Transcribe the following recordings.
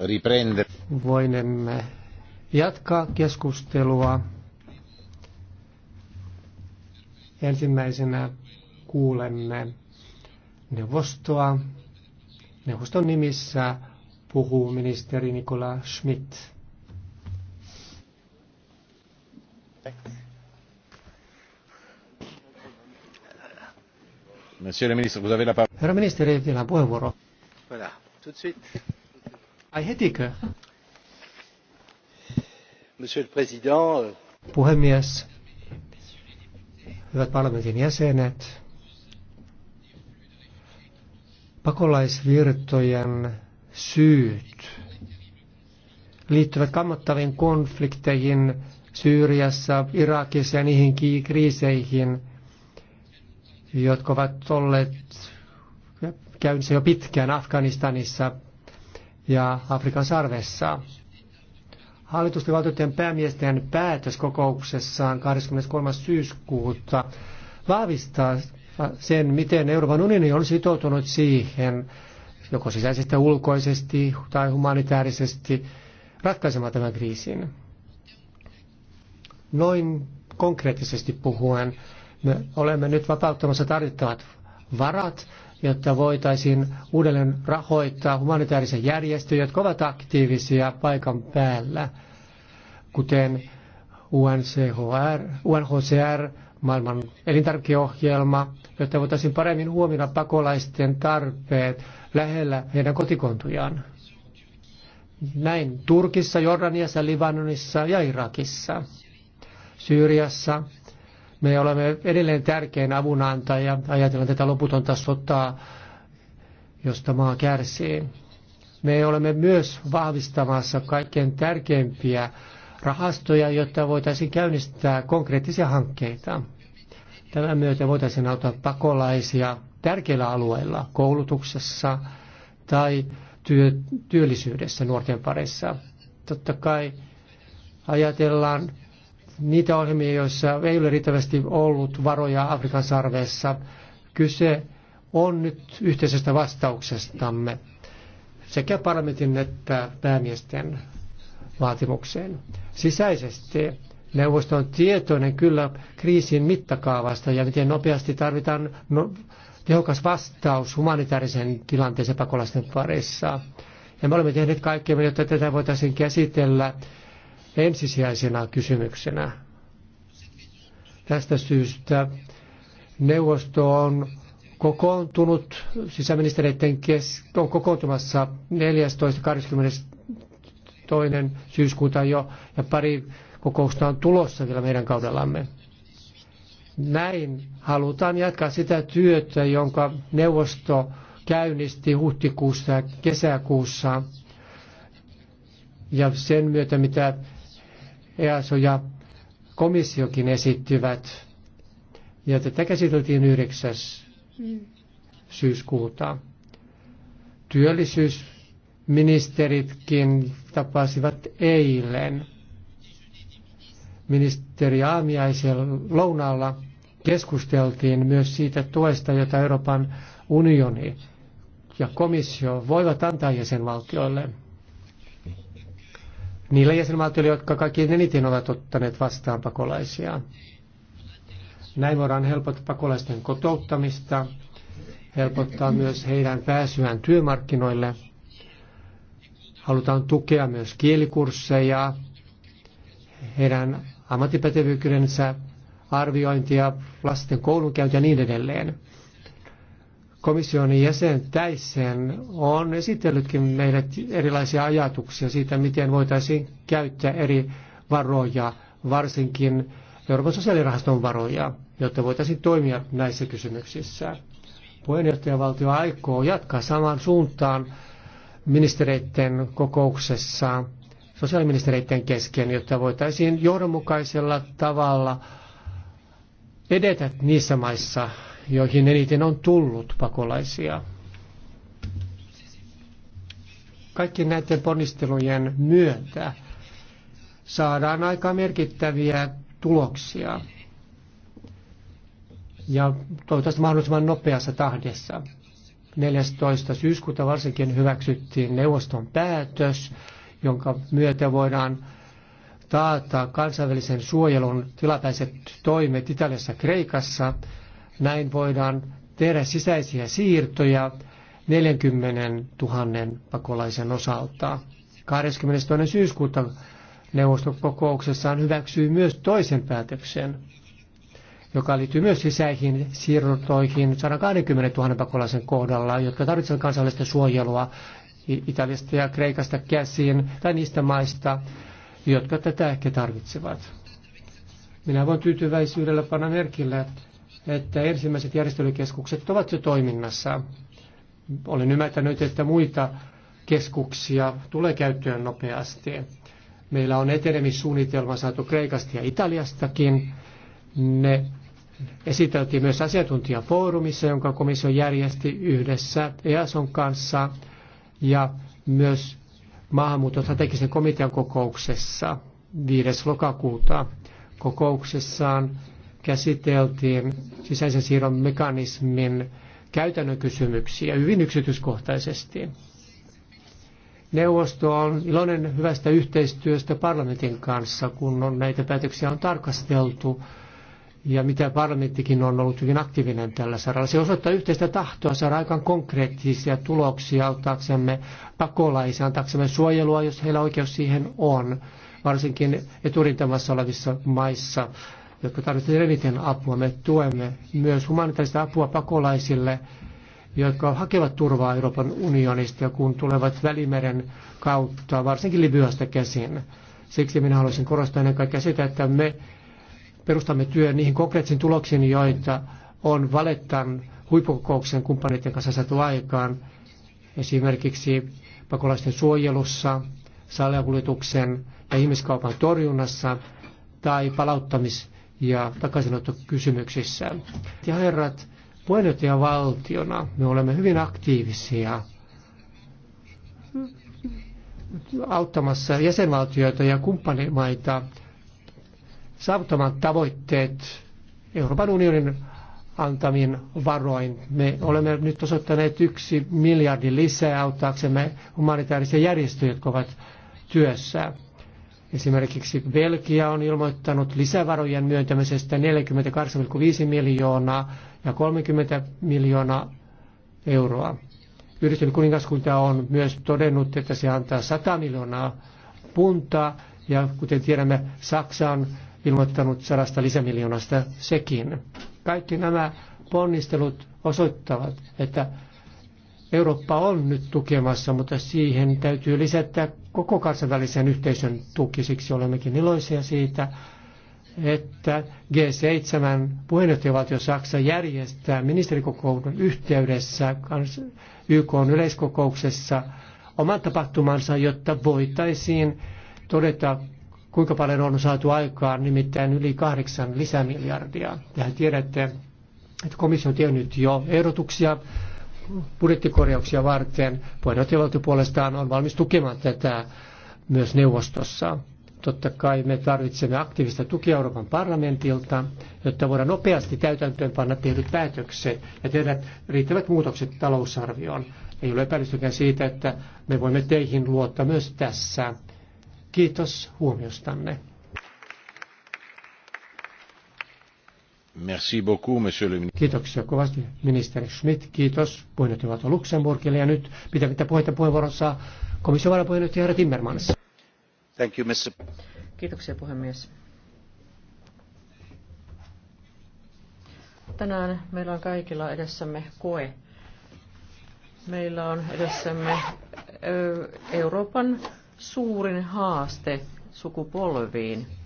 riprendere. Voinemme jatkaa keskustelua. Ensimmäisenä kuulemme neuvostoa. Neuvoston nimissä puhuu ministeri Nikola Schmidt. Herra ministeri, teillä on puheenvuoro. Voilà, tout de suite. Monsieur le Président. Euh, Puhemies, hyvät parlamentin jäsenet, pakolaisvirtojen syyt liittyvät kammottaviin konflikteihin Syyriassa, Irakissa ja niihin kriiseihin, jotka ovat olleet käynnissä jo pitkään Afganistanissa, ja Afrikan sarvessa. Hallitusten valtioiden päämiesten päätös kokouksessaan 23. syyskuuta vahvistaa sen, miten Euroopan unioni on sitoutunut siihen, joko sisäisesti, ulkoisesti tai humanitaarisesti, ratkaisemaan tämän kriisin. Noin konkreettisesti puhuen, me olemme nyt vapauttamassa tarvittavat varat, jotta voitaisiin uudelleen rahoittaa humanitaarisia järjestöjä, jotka ovat aktiivisia paikan päällä, kuten UNCHR, UNHCR, maailman elintarvikeohjelma, jotta voitaisiin paremmin huomioida pakolaisten tarpeet lähellä heidän kotikontujaan. Näin Turkissa, Jordaniassa, Libanonissa ja Irakissa, Syyriassa, me olemme edelleen tärkein avunantaja, ajatellaan tätä loputonta sotaa, josta maa kärsii. Me olemme myös vahvistamassa kaikkein tärkeimpiä rahastoja, jotta voitaisiin käynnistää konkreettisia hankkeita. Tämän myötä voitaisiin auttaa pakolaisia tärkeillä alueilla, koulutuksessa tai työ, työllisyydessä nuorten parissa. Totta kai ajatellaan niitä ohjelmia, joissa ei ole riittävästi ollut varoja Afrikan sarvessa. Kyse on nyt yhteisestä vastauksestamme sekä parlamentin että päämiesten vaatimukseen. Sisäisesti neuvosto on tietoinen kyllä kriisin mittakaavasta ja miten nopeasti tarvitaan no, tehokas vastaus humanitaarisen tilanteeseen pakolaisten parissa. Ja me olemme tehneet kaikkea, jotta tätä voitaisiin käsitellä ensisijaisena kysymyksenä. Tästä syystä neuvosto on kokoontunut, sisäministeriöiden kesken, on kokoontumassa 14.22. syyskuuta jo, ja pari kokousta on tulossa vielä meidän kaudellamme. Näin halutaan jatkaa sitä työtä, jonka neuvosto käynnisti huhtikuussa ja kesäkuussa. Ja sen myötä, mitä EASO ja komissiokin esittivät. Ja tätä käsiteltiin 9. syyskuuta. Työllisyysministeritkin tapasivat eilen ministeri Aamiaisen lounaalla keskusteltiin myös siitä tuesta, jota Euroopan unioni ja komissio voivat antaa jäsenvaltioille niillä jäsenvaltioilla, jotka kaikki eniten ovat ottaneet vastaan pakolaisia. Näin voidaan helpottaa pakolaisten kotouttamista, helpottaa myös heidän pääsyään työmarkkinoille. Halutaan tukea myös kielikursseja, heidän ammattipätevyykyydensä arviointia, lasten koulunkäyntiä ja niin edelleen komission jäsen Täissen on esitellytkin meille erilaisia ajatuksia siitä, miten voitaisiin käyttää eri varoja, varsinkin Euroopan sosiaalirahaston varoja, jotta voitaisiin toimia näissä kysymyksissä. Puheenjohtajavaltio aikoo jatkaa samaan suuntaan ministereiden kokouksessa sosiaaliministereiden kesken, jotta voitaisiin johdonmukaisella tavalla edetä niissä maissa, joihin eniten on tullut pakolaisia. Kaikki näiden ponnistelujen myötä saadaan aika merkittäviä tuloksia ja toivottavasti mahdollisimman nopeassa tahdissa. 14. syyskuuta varsinkin hyväksyttiin neuvoston päätös, jonka myötä voidaan taata kansainvälisen suojelun tilapäiset toimet Italiassa Kreikassa näin voidaan tehdä sisäisiä siirtoja 40 000 pakolaisen osalta. 22. syyskuuta neuvostokokouksessaan hyväksyi myös toisen päätöksen, joka liittyy myös sisäihin siirtoihin 120 000 pakolaisen kohdalla, jotka tarvitsevat kansallista suojelua Italiasta ja Kreikasta käsiin tai niistä maista, jotka tätä ehkä tarvitsevat. Minä voin tyytyväisyydellä panna merkille, että että ensimmäiset järjestelykeskukset ovat jo toiminnassa. Olen ymmärtänyt, että muita keskuksia tulee käyttöön nopeasti. Meillä on etenemissuunnitelma saatu Kreikasta ja Italiastakin. Ne esiteltiin myös asiantuntijafoorumissa, jonka komissio järjesti yhdessä EASON kanssa ja myös maahanmuuton strategisen komitean kokouksessa 5. lokakuuta kokouksessaan käsiteltiin sisäisen siirron mekanismin käytännön kysymyksiä hyvin yksityiskohtaisesti. Neuvosto on iloinen hyvästä yhteistyöstä parlamentin kanssa, kun on näitä päätöksiä on tarkasteltu ja mitä parlamenttikin on ollut hyvin aktiivinen tällä saralla. Se osoittaa yhteistä tahtoa saada aikaan konkreettisia tuloksia auttaaksemme pakolaisia, antaaksemme suojelua, jos heillä oikeus siihen on, varsinkin eturintamassa olevissa maissa jotka tarvitsevat eniten apua. Me tuemme myös humanitaarista apua pakolaisille, jotka hakevat turvaa Euroopan unionista ja kun tulevat Välimeren kautta, varsinkin Libyasta käsin. Siksi minä haluaisin korostaa ennen kaikkea sitä, että me perustamme työn niihin konkreettisiin tuloksiin, joita on valettan huippukokouksen kumppaneiden kanssa saatu aikaan. Esimerkiksi pakolaisten suojelussa, salakuljetuksen ja ihmiskaupan torjunnassa tai palauttamis- ja takaisinottokysymyksissä. Ja herrat, valtiona me olemme hyvin aktiivisia auttamassa jäsenvaltioita ja kumppanimaita saavuttamaan tavoitteet Euroopan unionin antamin varoin. Me olemme nyt osoittaneet yksi miljardi lisää auttaaksemme humanitaarisia järjestöjä, jotka ovat työssä. Esimerkiksi Belgia on ilmoittanut lisävarojen myöntämisestä 48,5 miljoonaa ja 30 miljoonaa euroa. Yhdistynyt kuningaskunta on myös todennut, että se antaa 100 miljoonaa puntaa ja kuten tiedämme, Saksa on ilmoittanut sadasta lisämiljoonasta sekin. Kaikki nämä ponnistelut osoittavat, että Eurooppa on nyt tukemassa, mutta siihen täytyy lisätä koko kansainvälisen yhteisön tuki. Siksi olemmekin iloisia siitä, että G7 puheenjohtajavaltio Saksa järjestää ministerikokouksen yhteydessä YK yleiskokouksessa oman tapahtumansa, jotta voitaisiin todeta, kuinka paljon on saatu aikaan, nimittäin yli kahdeksan lisämiljardia. Tähän tiedätte, että komissio on tehnyt jo ehdotuksia budjettikorjauksia varten. Puheenjohtajavaltio puolestaan on valmis tukemaan tätä myös neuvostossa. Totta kai me tarvitsemme aktiivista tukea Euroopan parlamentilta, jotta voidaan nopeasti täytäntöön panna tehdyt päätökset ja tehdä riittävät muutokset talousarvioon. Ei ole epäilystäkään siitä, että me voimme teihin luottaa myös tässä. Kiitos huomiostanne. Merci beaucoup, monsieur le ministre. Kiitoksia kovasti, ministeri Schmidt. Kiitos puheenjohtajavaltio Luxemburgille. Ja nyt pitämättä puhetta puheenvuorossa komission varapuheenjohtaja herra Timmermans. Thank you, Mr. Kiitoksia, puhemies. Tänään meillä on kaikilla edessämme koe. Meillä on edessämme Euroopan suurin haaste sukupolviin –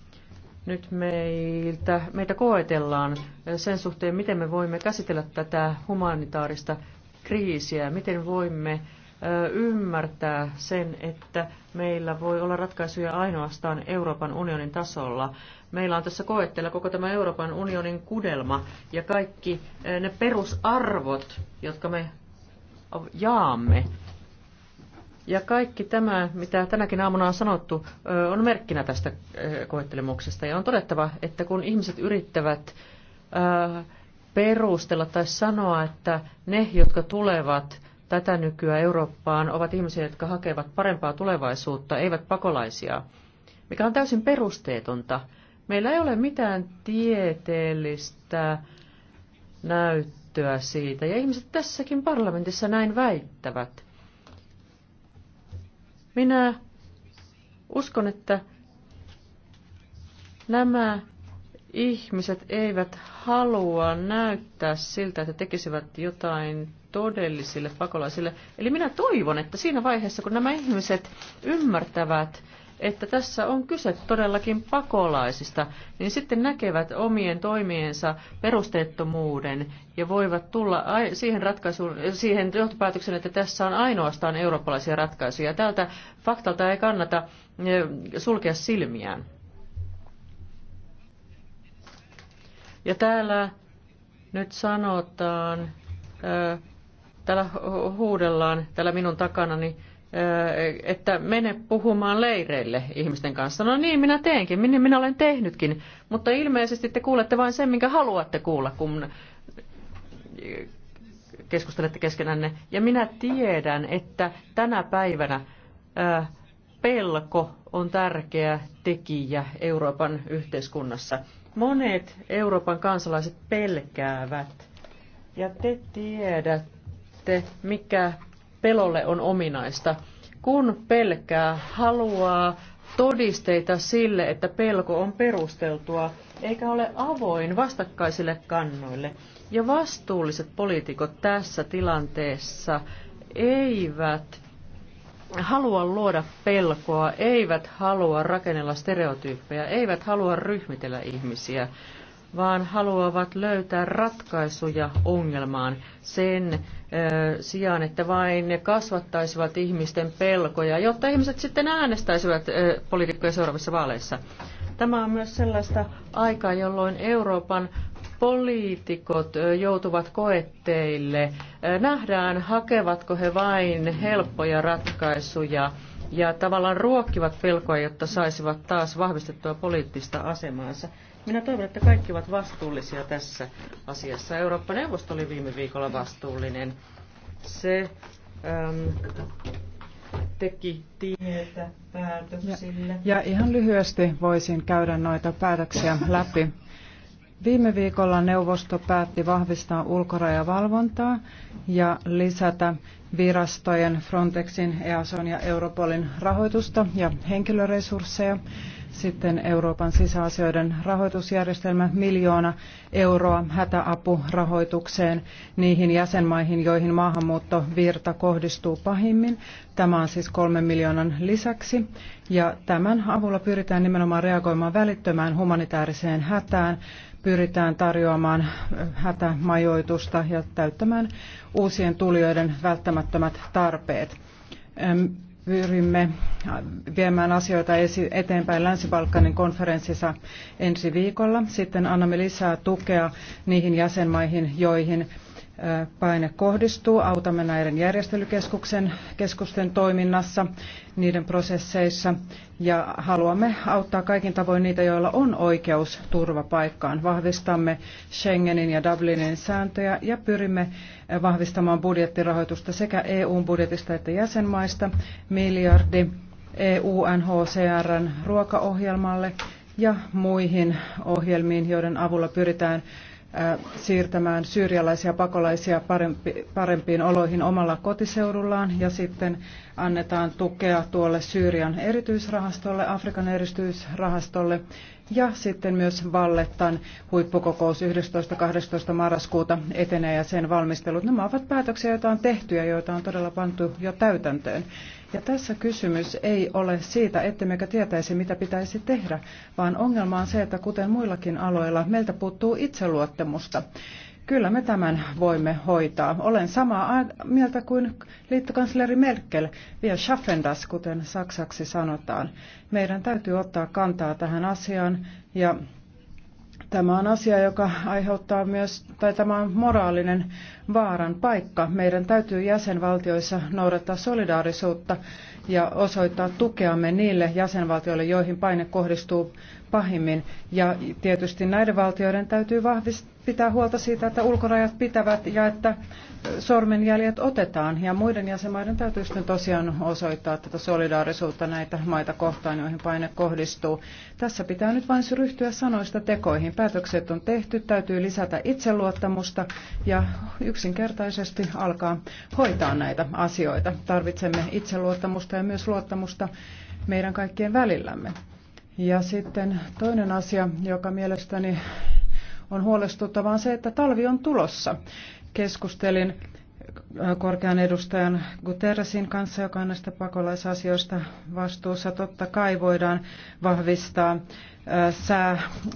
nyt meiltä, meitä koetellaan sen suhteen, miten me voimme käsitellä tätä humanitaarista kriisiä, miten voimme ymmärtää sen, että meillä voi olla ratkaisuja ainoastaan Euroopan unionin tasolla. Meillä on tässä koetteella koko tämä Euroopan unionin kudelma ja kaikki ne perusarvot, jotka me jaamme ja kaikki tämä, mitä tänäkin aamuna on sanottu, on merkkinä tästä koettelemuksesta. Ja on todettava, että kun ihmiset yrittävät perustella tai sanoa, että ne, jotka tulevat tätä nykyä Eurooppaan, ovat ihmisiä, jotka hakevat parempaa tulevaisuutta, eivät pakolaisia, mikä on täysin perusteetonta. Meillä ei ole mitään tieteellistä näyttöä siitä, ja ihmiset tässäkin parlamentissa näin väittävät. Minä uskon, että nämä ihmiset eivät halua näyttää siltä, että tekisivät jotain todellisille pakolaisille. Eli minä toivon, että siinä vaiheessa, kun nämä ihmiset ymmärtävät, että tässä on kyse todellakin pakolaisista, niin sitten näkevät omien toimiensa perusteettomuuden ja voivat tulla siihen, ratkaisuun, siihen johtopäätöksen, että tässä on ainoastaan eurooppalaisia ratkaisuja. Tältä faktalta ei kannata e, sulkea silmiään. Ja täällä nyt sanotaan, e, täällä huudellaan, täällä minun takanani, niin että mene puhumaan leireille ihmisten kanssa. No niin, minä teenkin, minä, minä olen tehnytkin, mutta ilmeisesti te kuulette vain sen, minkä haluatte kuulla, kun keskustelette keskenänne. Ja minä tiedän, että tänä päivänä pelko on tärkeä tekijä Euroopan yhteiskunnassa. Monet Euroopan kansalaiset pelkäävät. Ja te tiedätte, mikä pelolle on ominaista. Kun pelkää, haluaa todisteita sille, että pelko on perusteltua, eikä ole avoin vastakkaisille kannoille. Ja vastuulliset poliitikot tässä tilanteessa eivät halua luoda pelkoa, eivät halua rakennella stereotyyppejä, eivät halua ryhmitellä ihmisiä vaan haluavat löytää ratkaisuja ongelmaan sen sijaan, että vain ne kasvattaisivat ihmisten pelkoja, jotta ihmiset sitten äänestäisivät poliitikkoja seuraavissa vaaleissa. Tämä on myös sellaista aikaa, jolloin Euroopan poliitikot joutuvat koetteille. Nähdään, hakevatko he vain helppoja ratkaisuja ja tavallaan ruokkivat pelkoa, jotta saisivat taas vahvistettua poliittista asemaansa. Minä toivon, että kaikki ovat vastuullisia tässä asiassa. Eurooppa-neuvosto oli viime viikolla vastuullinen. Se äm, teki tietä päätöksille. Ja, ja ihan lyhyesti voisin käydä noita päätöksiä läpi. Viime viikolla neuvosto päätti vahvistaa ulkorajavalvontaa ja lisätä virastojen Frontexin, EASON ja Europolin rahoitusta ja henkilöresursseja. Sitten Euroopan sisäasioiden rahoitusjärjestelmä miljoona euroa hätäapurahoitukseen niihin jäsenmaihin, joihin maahanmuuttovirta kohdistuu pahimmin. Tämä on siis kolmen miljoonan lisäksi. Ja tämän avulla pyritään nimenomaan reagoimaan välittömään humanitaariseen hätään pyritään tarjoamaan hätämajoitusta ja täyttämään uusien tulijoiden välttämättömät tarpeet pyrimme äh, viemään asioita eteenpäin Länsi-Balkanin konferenssissa ensi viikolla. Sitten annamme lisää tukea niihin jäsenmaihin, joihin paine kohdistuu. Autamme näiden järjestelykeskuksen keskusten toiminnassa, niiden prosesseissa ja haluamme auttaa kaikin tavoin niitä, joilla on oikeus turvapaikkaan. Vahvistamme Schengenin ja Dublinin sääntöjä ja pyrimme vahvistamaan budjettirahoitusta sekä EUn budjetista että jäsenmaista miljardi EUNHCRn ruokaohjelmalle ja muihin ohjelmiin, joiden avulla pyritään siirtämään syyrialaisia pakolaisia parempiin oloihin omalla kotiseudullaan ja sitten annetaan tukea tuolle Syyrian erityisrahastolle, Afrikan erityisrahastolle ja sitten myös Vallettan huippukokous 11.12. marraskuuta etenee ja sen valmistelut. Nämä ovat päätöksiä, joita on tehty ja joita on todella pantu jo täytäntöön. Ja tässä kysymys ei ole siitä, ettemmekö tietäisi, mitä pitäisi tehdä, vaan ongelma on se, että kuten muillakin aloilla, meiltä puuttuu itseluottamusta. Kyllä me tämän voimme hoitaa. Olen samaa mieltä kuin liittokansleri Merkel, vielä schaffen das, kuten saksaksi sanotaan. Meidän täytyy ottaa kantaa tähän asiaan ja Tämä on asia, joka aiheuttaa myös, tai tämä on moraalinen vaaran paikka. Meidän täytyy jäsenvaltioissa noudattaa solidaarisuutta ja osoittaa tukeamme niille jäsenvaltioille, joihin paine kohdistuu pahimmin. Ja tietysti näiden valtioiden täytyy vahvistaa pitää huolta siitä, että ulkorajat pitävät ja että sormenjäljet otetaan. Ja muiden jäsenmaiden täytyy sitten tosiaan osoittaa tätä solidaarisuutta näitä maita kohtaan, joihin paine kohdistuu. Tässä pitää nyt vain ryhtyä sanoista tekoihin. Päätökset on tehty, täytyy lisätä itseluottamusta ja yksinkertaisesti alkaa hoitaa näitä asioita. Tarvitsemme itseluottamusta luottamusta ja myös luottamusta meidän kaikkien välillämme. Ja sitten toinen asia, joka mielestäni on huolestuttavaa, on se, että talvi on tulossa. Keskustelin äh, korkean edustajan Guterresin kanssa, joka on näistä pakolaisasioista vastuussa. Totta kai voidaan vahvistaa äh,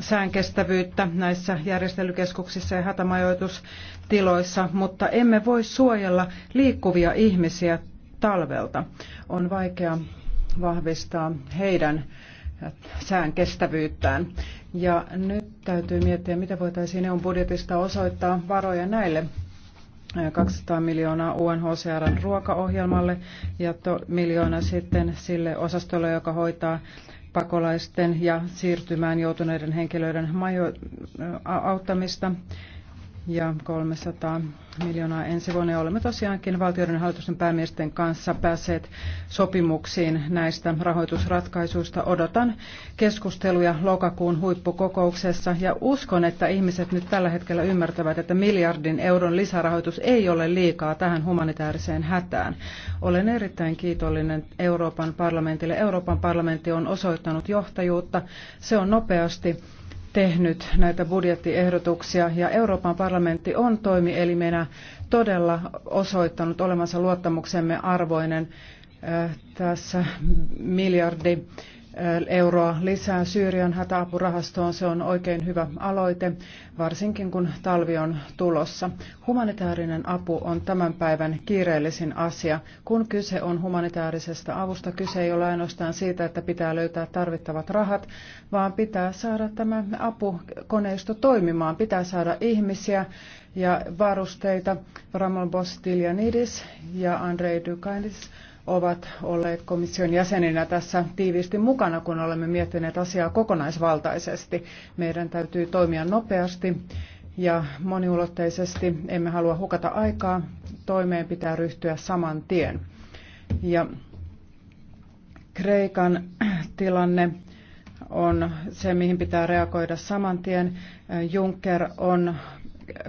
sää, kestävyyttä näissä järjestelykeskuksissa ja hätämajoitustiloissa, mutta emme voi suojella liikkuvia ihmisiä talvelta. On vaikea vahvistaa heidän sään kestävyyttään. Ja nyt täytyy miettiä, mitä voitaisiin EUn budjetista osoittaa varoja näille 200 miljoonaa UNHCRn ruokaohjelmalle ja to, miljoona sitten sille osastolle, joka hoitaa pakolaisten ja siirtymään joutuneiden henkilöiden majo- auttamista ja 300 miljoonaa ensi vuonna. Ja olemme tosiaankin valtioiden hallitusten päämiesten kanssa päässeet sopimuksiin näistä rahoitusratkaisuista. Odotan keskusteluja lokakuun huippukokouksessa ja uskon, että ihmiset nyt tällä hetkellä ymmärtävät, että miljardin euron lisärahoitus ei ole liikaa tähän humanitaariseen hätään. Olen erittäin kiitollinen Euroopan parlamentille. Euroopan parlamentti on osoittanut johtajuutta. Se on nopeasti tehnyt näitä budjettiehdotuksia ja Euroopan parlamentti on toimielimenä todella osoittanut olemansa luottamuksemme arvoinen äh, tässä miljardi euroa lisää Syyrian hätäapurahastoon. Se on oikein hyvä aloite, varsinkin kun talvi on tulossa. Humanitaarinen apu on tämän päivän kiireellisin asia. Kun kyse on humanitaarisesta avusta, kyse ei ole ainoastaan siitä, että pitää löytää tarvittavat rahat, vaan pitää saada tämä apukoneisto toimimaan. Pitää saada ihmisiä ja varusteita. Ramon Bostilianidis ja Andrei Dukainis ovat olleet komission jäseninä tässä tiiviisti mukana, kun olemme miettineet asiaa kokonaisvaltaisesti. Meidän täytyy toimia nopeasti ja moniulotteisesti. Emme halua hukata aikaa. Toimeen pitää ryhtyä saman tien. Ja Kreikan tilanne on se, mihin pitää reagoida saman tien. Juncker on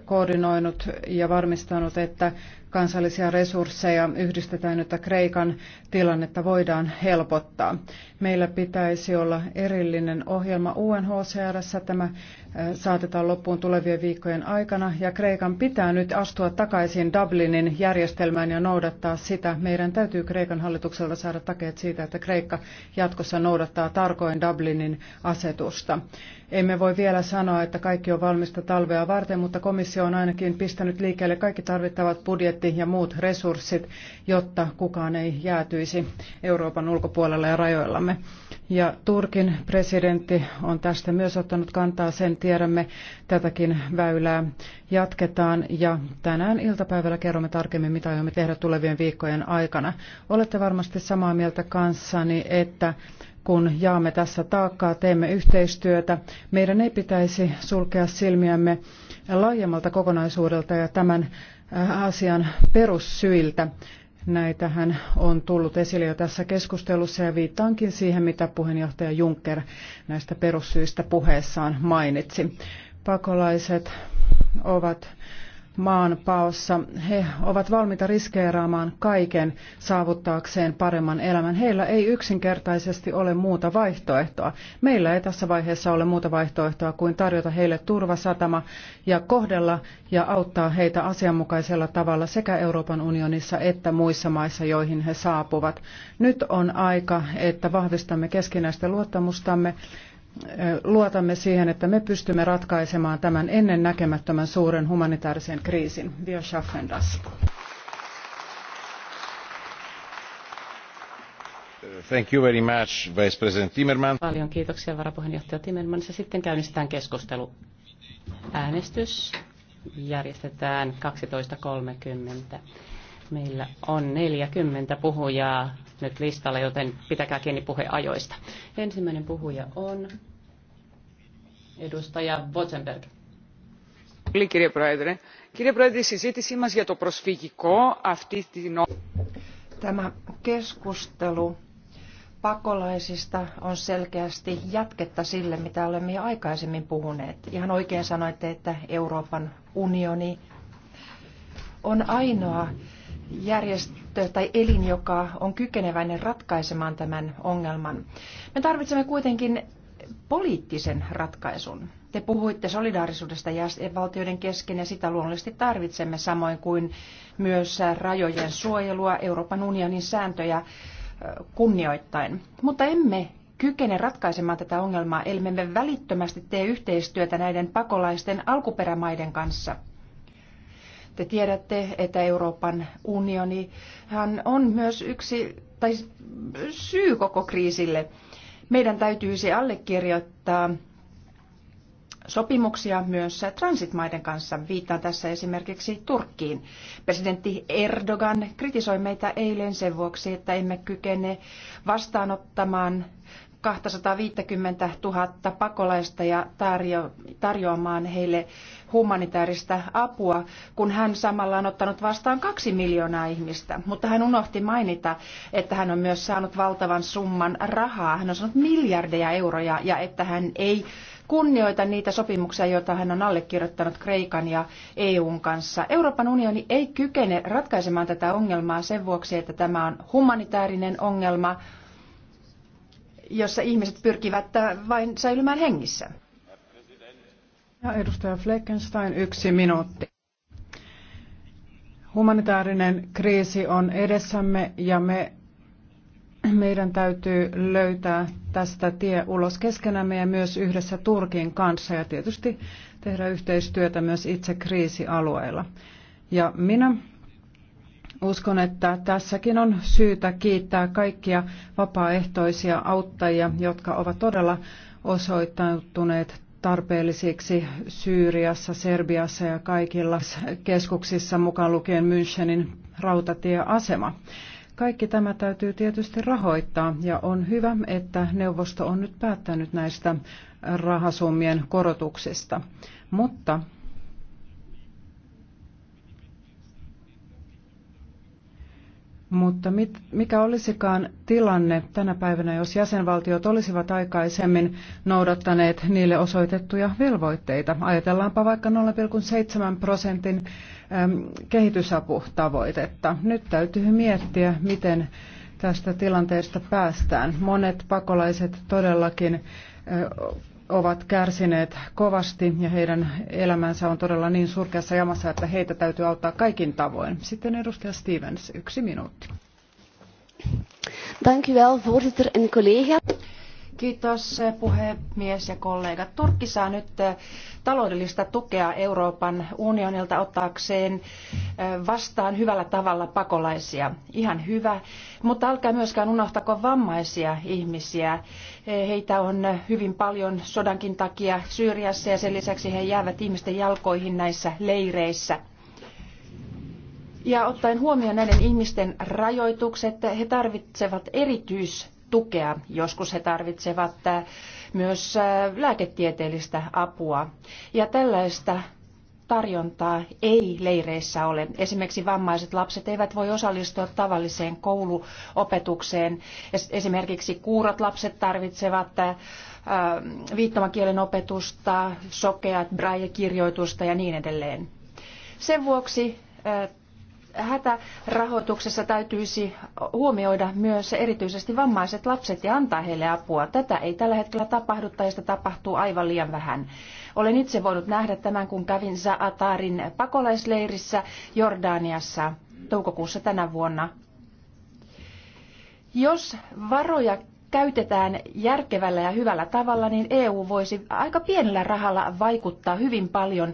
koordinoinut ja varmistanut, että kansallisia resursseja yhdistetään, jotta Kreikan tilannetta voidaan helpottaa. Meillä pitäisi olla erillinen ohjelma UNHCRssä. Tämä saatetaan loppuun tulevien viikkojen aikana. Ja Kreikan pitää nyt astua takaisin Dublinin järjestelmään ja noudattaa sitä. Meidän täytyy Kreikan hallitukselta saada takeet siitä, että Kreikka jatkossa noudattaa tarkoin Dublinin asetusta. Emme voi vielä sanoa, että kaikki on valmista talvea varten, mutta komissio on ainakin pistänyt liikkeelle kaikki tarvittavat budjetti ja muut resurssit, jotta kukaan ei jäätyisi Euroopan ulkopuolella ja rajoillamme. Ja Turkin presidentti on tästä myös ottanut kantaa, sen tiedämme, tätäkin väylää jatketaan ja tänään iltapäivällä kerromme tarkemmin, mitä aiomme tehdä tulevien viikkojen aikana. Olette varmasti samaa mieltä kanssani, että kun jaamme tässä taakkaa, teemme yhteistyötä. Meidän ei pitäisi sulkea silmiämme laajemmalta kokonaisuudelta ja tämän äh, asian perussyiltä. Näitähän on tullut esille jo tässä keskustelussa ja viittaankin siihen, mitä puheenjohtaja Juncker näistä perussyistä puheessaan mainitsi. Pakolaiset ovat maanpaossa. He ovat valmiita riskeeraamaan kaiken saavuttaakseen paremman elämän. Heillä ei yksinkertaisesti ole muuta vaihtoehtoa. Meillä ei tässä vaiheessa ole muuta vaihtoehtoa kuin tarjota heille turvasatama ja kohdella ja auttaa heitä asianmukaisella tavalla sekä Euroopan unionissa että muissa maissa, joihin he saapuvat. Nyt on aika, että vahvistamme keskinäistä luottamustamme luotamme siihen, että me pystymme ratkaisemaan tämän ennen näkemättömän suuren humanitaarisen kriisin. Wir schaffen das. Thank you very much, Vice President Timmermans. Paljon kiitoksia varapuheenjohtaja Timmermans. Ja sitten käynnistetään keskustelu. Äänestys järjestetään 12.30. Meillä on 40 puhujaa nyt listalla, joten pitäkää kiinni puheajoista. Ensimmäinen puhuja on edustaja Votsenberg. Tämä keskustelu pakolaisista on selkeästi jatketta sille, mitä olemme jo aikaisemmin puhuneet. Ihan oikein sanoitte, että Euroopan unioni on ainoa järjestö tai elin, joka on kykeneväinen ratkaisemaan tämän ongelman. Me tarvitsemme kuitenkin poliittisen ratkaisun. Te puhuitte solidaarisuudesta jäsenvaltioiden kesken ja sitä luonnollisesti tarvitsemme samoin kuin myös rajojen suojelua Euroopan unionin sääntöjä kunnioittain. Mutta emme kykene ratkaisemaan tätä ongelmaa, ellei me välittömästi tee yhteistyötä näiden pakolaisten alkuperämaiden kanssa – te tiedätte, että Euroopan unioni on myös yksi tai syy koko kriisille. Meidän täytyisi allekirjoittaa sopimuksia myös transitmaiden kanssa. Viittaan tässä esimerkiksi Turkkiin. Presidentti Erdogan kritisoi meitä eilen sen vuoksi, että emme kykene vastaanottamaan 250 000 pakolaista ja tarjo, tarjoamaan heille humanitaarista apua, kun hän samalla on ottanut vastaan kaksi miljoonaa ihmistä. Mutta hän unohti mainita, että hän on myös saanut valtavan summan rahaa. Hän on saanut miljardeja euroja ja että hän ei kunnioita niitä sopimuksia, joita hän on allekirjoittanut Kreikan ja EUn kanssa. Euroopan unioni ei kykene ratkaisemaan tätä ongelmaa sen vuoksi, että tämä on humanitaarinen ongelma, jossa ihmiset pyrkivät äh, vain säilymään hengissä. Ja edustaja Fleckenstein, yksi minuutti. Humanitaarinen kriisi on edessämme ja me, meidän täytyy löytää tästä tie ulos keskenämme ja myös yhdessä Turkin kanssa ja tietysti tehdä yhteistyötä myös itse kriisialueilla. Ja minä Uskon, että tässäkin on syytä kiittää kaikkia vapaaehtoisia auttajia, jotka ovat todella osoittautuneet tarpeellisiksi Syyriassa, Serbiassa ja kaikilla keskuksissa, mukaan lukien Münchenin rautatieasema. Kaikki tämä täytyy tietysti rahoittaa ja on hyvä, että neuvosto on nyt päättänyt näistä rahasummien korotuksista. Mutta Mutta mit, mikä olisikaan tilanne tänä päivänä, jos jäsenvaltiot olisivat aikaisemmin noudattaneet niille osoitettuja velvoitteita? Ajatellaanpa vaikka 0,7 prosentin kehitysaputavoitetta. Nyt täytyy miettiä, miten tästä tilanteesta päästään. Monet pakolaiset todellakin ovat kärsineet kovasti ja heidän elämänsä on todella niin surkeassa jamassa, että heitä täytyy auttaa kaikin tavoin. Sitten edustaja Stevens, yksi minuutti. Dank u wel, voorzitter en collega's. Kiitos puhemies ja kollegat. Turkki saa nyt eh, taloudellista tukea Euroopan unionilta ottaakseen eh, vastaan hyvällä tavalla pakolaisia. Ihan hyvä, mutta älkää myöskään unohtako vammaisia ihmisiä. Heitä on eh, hyvin paljon sodankin takia Syyriassa ja sen lisäksi he jäävät ihmisten jalkoihin näissä leireissä. Ja ottaen huomioon näiden ihmisten rajoitukset, he tarvitsevat erityis tukea. Joskus he tarvitsevat äh, myös äh, lääketieteellistä apua. Ja tällaista tarjontaa ei leireissä ole. Esimerkiksi vammaiset lapset eivät voi osallistua tavalliseen kouluopetukseen. Esimerkiksi kuurat lapset tarvitsevat äh, viittomakielen opetusta, sokeat, braille-kirjoitusta ja niin edelleen. Sen vuoksi hätärahoituksessa täytyisi huomioida myös erityisesti vammaiset lapset ja antaa heille apua. Tätä ei tällä hetkellä tapahdu tai sitä tapahtuu aivan liian vähän. Olen itse voinut nähdä tämän, kun kävin Zaatarin pakolaisleirissä Jordaniassa toukokuussa tänä vuonna. Jos varoja käytetään järkevällä ja hyvällä tavalla, niin EU voisi aika pienellä rahalla vaikuttaa hyvin paljon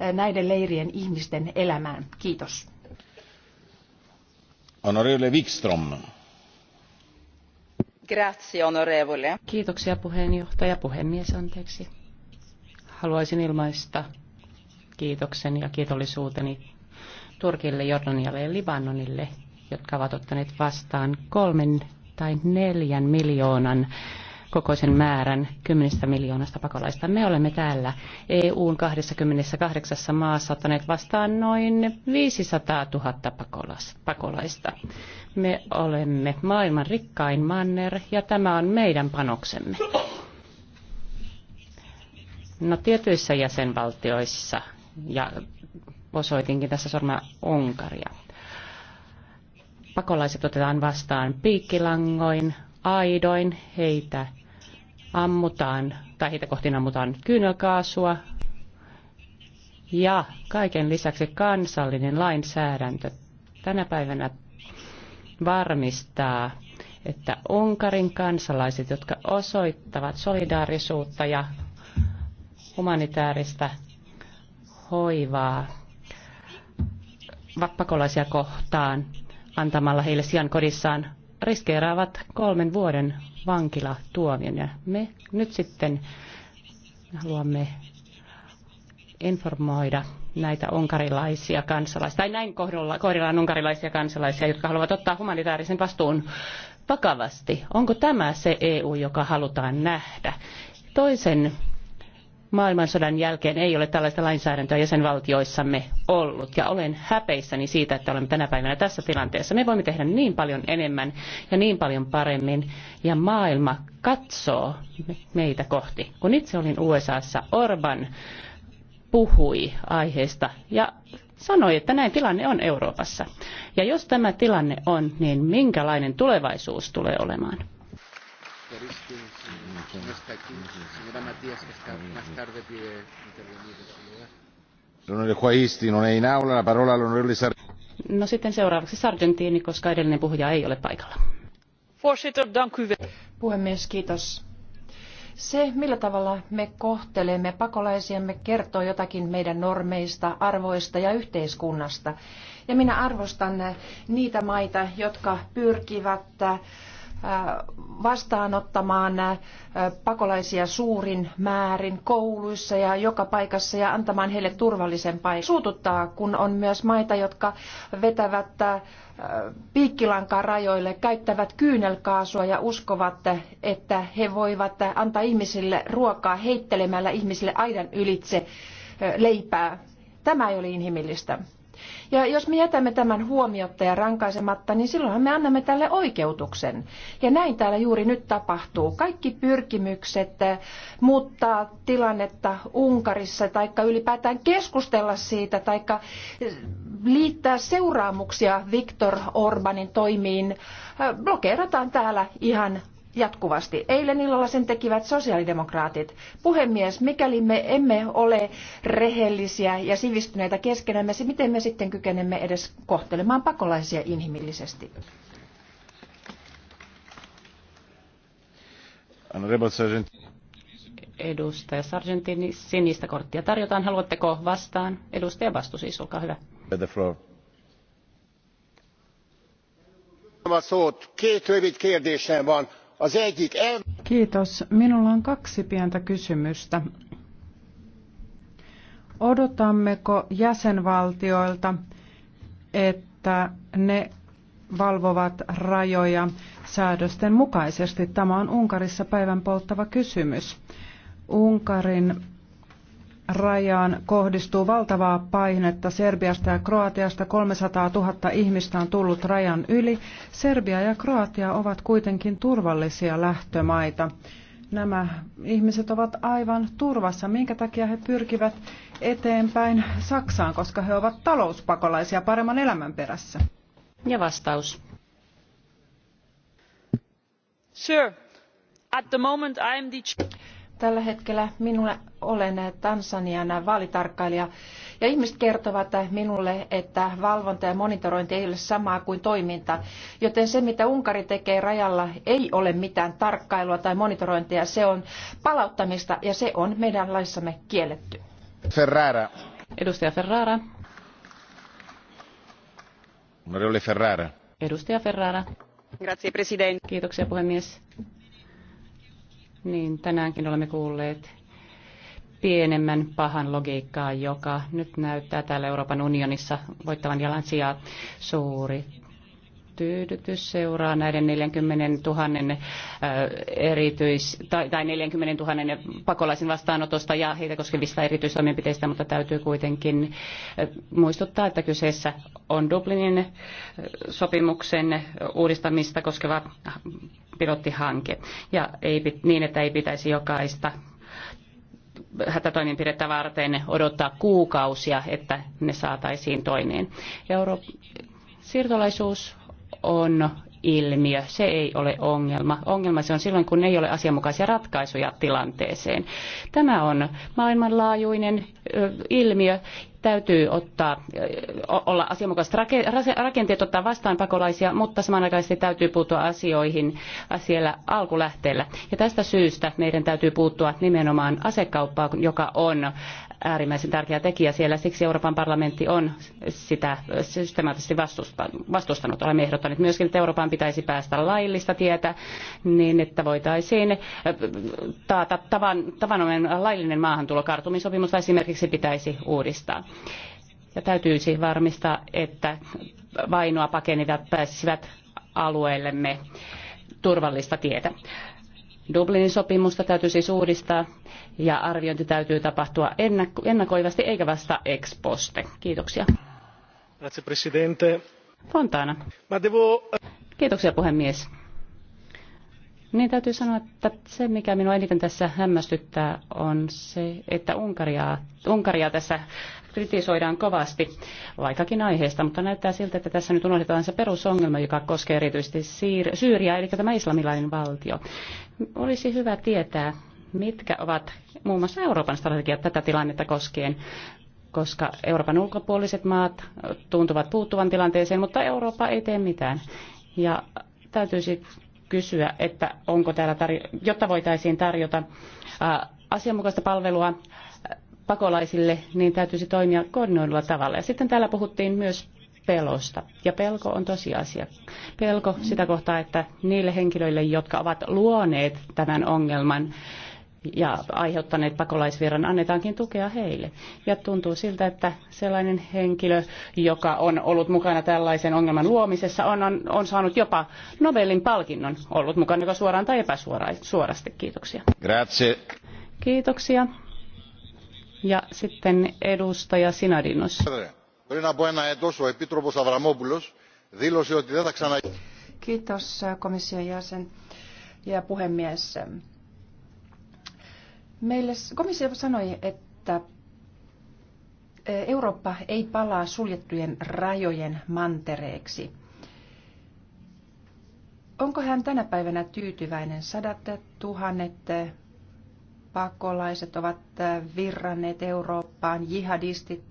eh, näiden leirien ihmisten elämään. Kiitos arvoisa Kiitoksia puhemies Haluaisin ilmaista kiitokseni ja kiitollisuuteni Turkille, Jordanialle ja Libanonille, jotka ovat ottaneet vastaan kolmen tai neljän miljoonan kokoisen määrän 10 miljoonasta pakolaista. Me olemme täällä EUn 28 maassa ottaneet vastaan noin 500 000 pakolaista. Me olemme maailman rikkain manner ja tämä on meidän panoksemme. No tietyissä jäsenvaltioissa, ja osoitinkin tässä sormella Unkaria, pakolaiset otetaan vastaan piikkilangoin, aidoin, heitä ammutaan, tai heitä kohti ammutaan kyynelkaasua. Ja kaiken lisäksi kansallinen lainsäädäntö tänä päivänä varmistaa, että Unkarin kansalaiset, jotka osoittavat solidaarisuutta ja humanitaarista hoivaa vappakolaisia kohtaan antamalla heille sijan kodissaan, riskeeraavat kolmen vuoden vankilatuomion. Ja me nyt sitten haluamme informoida näitä unkarilaisia kansalaisia, tai näin kohdalla kohdellaan unkarilaisia kansalaisia, jotka haluavat ottaa humanitaarisen vastuun vakavasti. Onko tämä se EU, joka halutaan nähdä? Toisen maailmansodan jälkeen ei ole tällaista lainsäädäntöä jäsenvaltioissamme ollut. Ja olen häpeissäni siitä, että olemme tänä päivänä tässä tilanteessa. Me voimme tehdä niin paljon enemmän ja niin paljon paremmin. Ja maailma katsoo meitä kohti. Kun itse olin USAssa, Orban puhui aiheesta ja sanoi, että näin tilanne on Euroopassa. Ja jos tämä tilanne on, niin minkälainen tulevaisuus tulee olemaan? no está aquí. Señora Matías, que está más tarde pide intervenir en su lugar. L'onorevole Juaisti non è in aula, la parola all'onorevole Sargentini. No sitten seuraavaksi Sargentini, koska edellinen puhuja ei ole paikalla. Puhemies, kiitos. Se, millä tavalla me kohtelemme pakolaisiamme, kertoo jotakin meidän normeista, arvoista ja yhteiskunnasta. Ja minä arvostan niitä maita, jotka pyrkivät äh, vastaanottamaan pakolaisia suurin määrin kouluissa ja joka paikassa ja antamaan heille turvallisen paikan. Suututtaa, kun on myös maita, jotka vetävät piikkilankaa rajoille, käyttävät kyynelkaasua ja uskovat, että he voivat antaa ihmisille ruokaa heittelemällä ihmisille aidan ylitse leipää. Tämä ei ole inhimillistä. Ja jos me jätämme tämän huomiotta ja rankaisematta, niin silloinhan me annamme tälle oikeutuksen. Ja näin täällä juuri nyt tapahtuu. Kaikki pyrkimykset eh, muuttaa tilannetta Unkarissa taikka ylipäätään keskustella siitä taikka eh, liittää seuraamuksia Viktor Orbanin toimiin eh, blokeerataan täällä ihan jatkuvasti. Eilen illalla sen tekivät sosiaalidemokraatit. Puhemies, mikäli me emme ole rehellisiä ja sivistyneitä keskenämme, miten me sitten kykenemme edes kohtelemaan pakolaisia inhimillisesti? Edustaja Sargentini, sinistä korttia tarjotaan. Haluatteko vastaan? Edustaja Vastu siis, olkaa hyvä. The floor. két rövid kérdésem van Kiitos. Minulla on kaksi pientä kysymystä. Odotammeko jäsenvaltioilta, että ne valvovat rajoja säädösten mukaisesti? Tämä on Unkarissa päivän polttava kysymys. Unkarin rajaan kohdistuu valtavaa painetta Serbiasta ja Kroatiasta. 300 000 ihmistä on tullut rajan yli. Serbia ja Kroatia ovat kuitenkin turvallisia lähtömaita. Nämä ihmiset ovat aivan turvassa. Minkä takia he pyrkivät eteenpäin Saksaan, koska he ovat talouspakolaisia paremman elämän perässä? Ja vastaus. Sir, at the moment I am the... Tällä hetkellä minulle olen Tansanian vaalitarkkailija ja ihmiset kertovat minulle, että valvonta ja monitorointi ei ole samaa kuin toiminta, joten se mitä Unkari tekee rajalla ei ole mitään tarkkailua tai monitorointia, se on palauttamista ja se on meidän laissamme kielletty. Ferrara. Edustaja Ferrara. Onorevole Ferrara. Edustaja Ferrara. Grazie, Kiitoksia puhemies niin tänäänkin olemme kuulleet pienemmän pahan logiikkaa, joka nyt näyttää täällä Euroopan unionissa voittavan jalan sijaa. Suuri tyydytys seuraa näiden 40 000 erityis- tai, tai 40 000 pakolaisen vastaanotosta ja heitä koskevista erityistoimenpiteistä, mutta täytyy kuitenkin muistuttaa, että kyseessä on Dublinin sopimuksen uudistamista koskeva pilottihanke. Ja ei, niin, että ei pitäisi jokaista hätätoimenpidettä varten odottaa kuukausia, että ne saataisiin toimeen. Euro- siirtolaisuus on ilmiö, se ei ole ongelma. Ongelma se on silloin, kun ei ole asianmukaisia ratkaisuja tilanteeseen. Tämä on maailmanlaajuinen ilmiö. Täytyy ottaa, olla asianmukaiset rakenteet ottaa vastaan pakolaisia, mutta samanaikaisesti täytyy puuttua asioihin siellä alkulähteellä. Ja tästä syystä meidän täytyy puuttua nimenomaan asekauppaan, joka on äärimmäisen tärkeä tekijä siellä. Siksi Euroopan parlamentti on sitä systemaattisesti vastustanut. Olemme ehdottaneet myöskin, että Euroopan pitäisi päästä laillista tietä niin, että voitaisiin taata tavan, tavanomainen laillinen maahantulo. Kartumisopimusta esimerkiksi pitäisi uudistaa. Ja täytyisi varmistaa, että vainoa pakenevat pääsisivät alueellemme turvallista tietä. Dublinin sopimusta täytyy siis uudistaa ja arviointi täytyy tapahtua ennakoivasti eikä vasta ex poste. Kiitoksia. Grazie, Presidente. Fontana. Kiitoksia puhemies niin täytyy sanoa, että se mikä minua eniten tässä hämmästyttää on se, että Unkaria, Unkaria tässä kritisoidaan kovasti, vaikkakin aiheesta, mutta näyttää siltä, että tässä nyt unohdetaan se perusongelma, joka koskee erityisesti Syyriä, eli tämä islamilainen valtio. Olisi hyvä tietää, mitkä ovat muun muassa Euroopan strategiat tätä tilannetta koskien koska Euroopan ulkopuoliset maat tuntuvat puuttuvan tilanteeseen, mutta Eurooppa ei tee mitään. Ja täytyisi kysyä, että onko täällä tarjo- jotta voitaisiin tarjota asianmukaista palvelua pakolaisille, niin täytyisi toimia koordinoidulla tavalla. Ja sitten täällä puhuttiin myös pelosta. Ja pelko on tosiasia. Pelko sitä kohtaa, että niille henkilöille, jotka ovat luoneet tämän ongelman, ja aiheuttaneet pakolaisvirran, annetaankin tukea heille. Ja tuntuu siltä, että sellainen henkilö, joka on ollut mukana tällaisen ongelman luomisessa, on, on, on saanut jopa Nobelin palkinnon, ollut mukana joka suoraan tai epäsuorasti. Kiitoksia. Grazie. Kiitoksia. Ja sitten edustaja Sinadinos. Kiitos komission jäsen ja puhemies. Meille komissio sanoi, että e, Eurooppa ei palaa suljettujen rajojen mantereeksi. Onko hän tänä päivänä tyytyväinen? Sadat tuhannet pakolaiset ovat virranneet Eurooppaan, jihadistit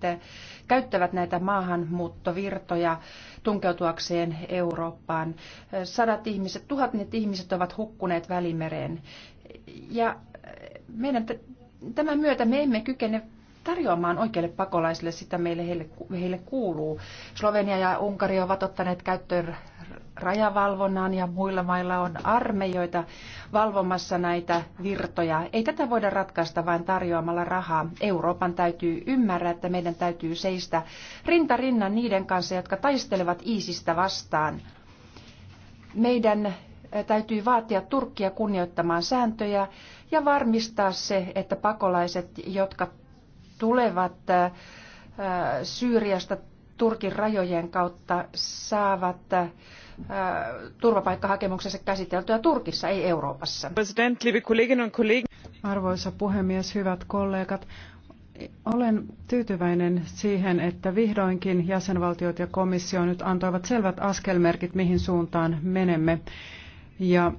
käyttävät näitä maahanmuuttovirtoja tunkeutuakseen Eurooppaan. Sadat ihmiset, tuhannet ihmiset ovat hukkuneet välimereen. Ja meidän tämän myötä me emme kykene tarjoamaan oikeille pakolaisille sitä meille heille, heille kuuluu. Slovenia ja Unkari ovat ottaneet käyttöön rajavalvonnan ja muilla mailla on armeijoita valvomassa näitä virtoja. Ei tätä voida ratkaista vain tarjoamalla rahaa. Euroopan täytyy ymmärrä, että meidän täytyy seistä rinta rinnan niiden kanssa, jotka taistelevat ISistä vastaan. Meidän täytyy vaatia Turkkia kunnioittamaan sääntöjä, ja varmistaa se, että pakolaiset, jotka tulevat äh, Syyriasta Turkin rajojen kautta, saavat äh, turvapaikkahakemuksensa käsiteltyä Turkissa, ei Euroopassa. Arvoisa puhemies, hyvät kollegat, olen tyytyväinen siihen, että vihdoinkin jäsenvaltiot ja komissio nyt antoivat selvät askelmerkit, mihin suuntaan menemme. Ja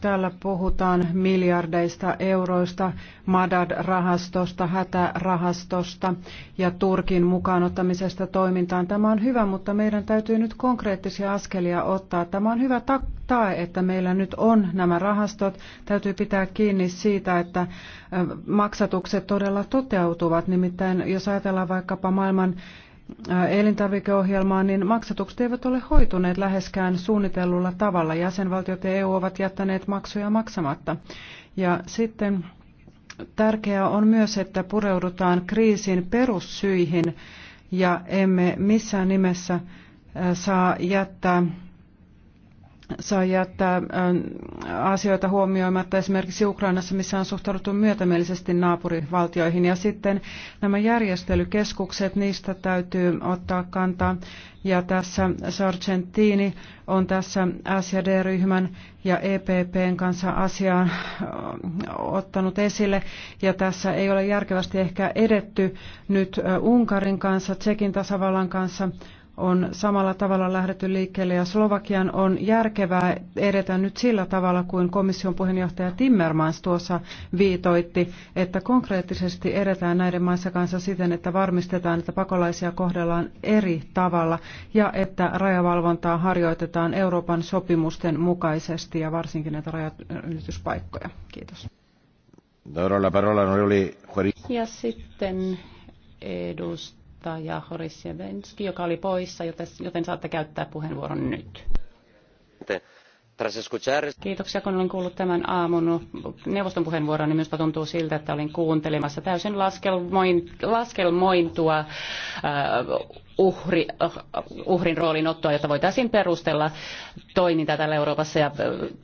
Täällä puhutaan miljardeista euroista, Madad-rahastosta, hätärahastosta ja Turkin mukaanottamisesta toimintaan. Tämä on hyvä, mutta meidän täytyy nyt konkreettisia askelia ottaa. Tämä on hyvä tae, että meillä nyt on nämä rahastot. Täytyy pitää kiinni siitä, että maksatukset todella toteutuvat. Nimittäin jos ajatellaan vaikkapa maailman elintarvikeohjelmaan, niin maksatukset eivät ole hoituneet läheskään suunnitellulla tavalla. Jäsenvaltiot ja EU ovat jättäneet maksuja maksamatta. Ja sitten tärkeää on myös, että pureudutaan kriisin perussyihin ja emme missään nimessä saa jättää saa jättää asioita huomioimatta esimerkiksi Ukrainassa, missä on suhtauduttu myötämielisesti naapurivaltioihin. Ja sitten nämä järjestelykeskukset, niistä täytyy ottaa kantaa. Ja tässä Sargentini on tässä SJD-ryhmän ja EPPn kanssa asiaan ottanut esille. Ja tässä ei ole järkevästi ehkä edetty nyt Unkarin kanssa, Tsekin tasavallan kanssa, on samalla tavalla lähdetty liikkeelle ja Slovakian on järkevää edetä nyt sillä tavalla kuin komission puheenjohtaja Timmermans tuossa viitoitti, että konkreettisesti edetään näiden maissa kanssa siten, että varmistetaan, että pakolaisia kohdellaan eri tavalla ja että rajavalvontaa harjoitetaan Euroopan sopimusten mukaisesti ja varsinkin näitä rajanylityspaikkoja. Kiitos. Ja sitten edustaja ja Horis Jevenski, joka oli poissa, joten saatte käyttää puheenvuoron nyt. Kiitoksia, kun olen kuullut tämän aamun neuvoston puheenvuoron, niin minusta tuntuu siltä, että olin kuuntelemassa täysin laskelmoin, laskelmointua äh, uhri, äh, uhrin roolin ottoa, jota voitaisiin perustella toiminta täällä Euroopassa ja äh,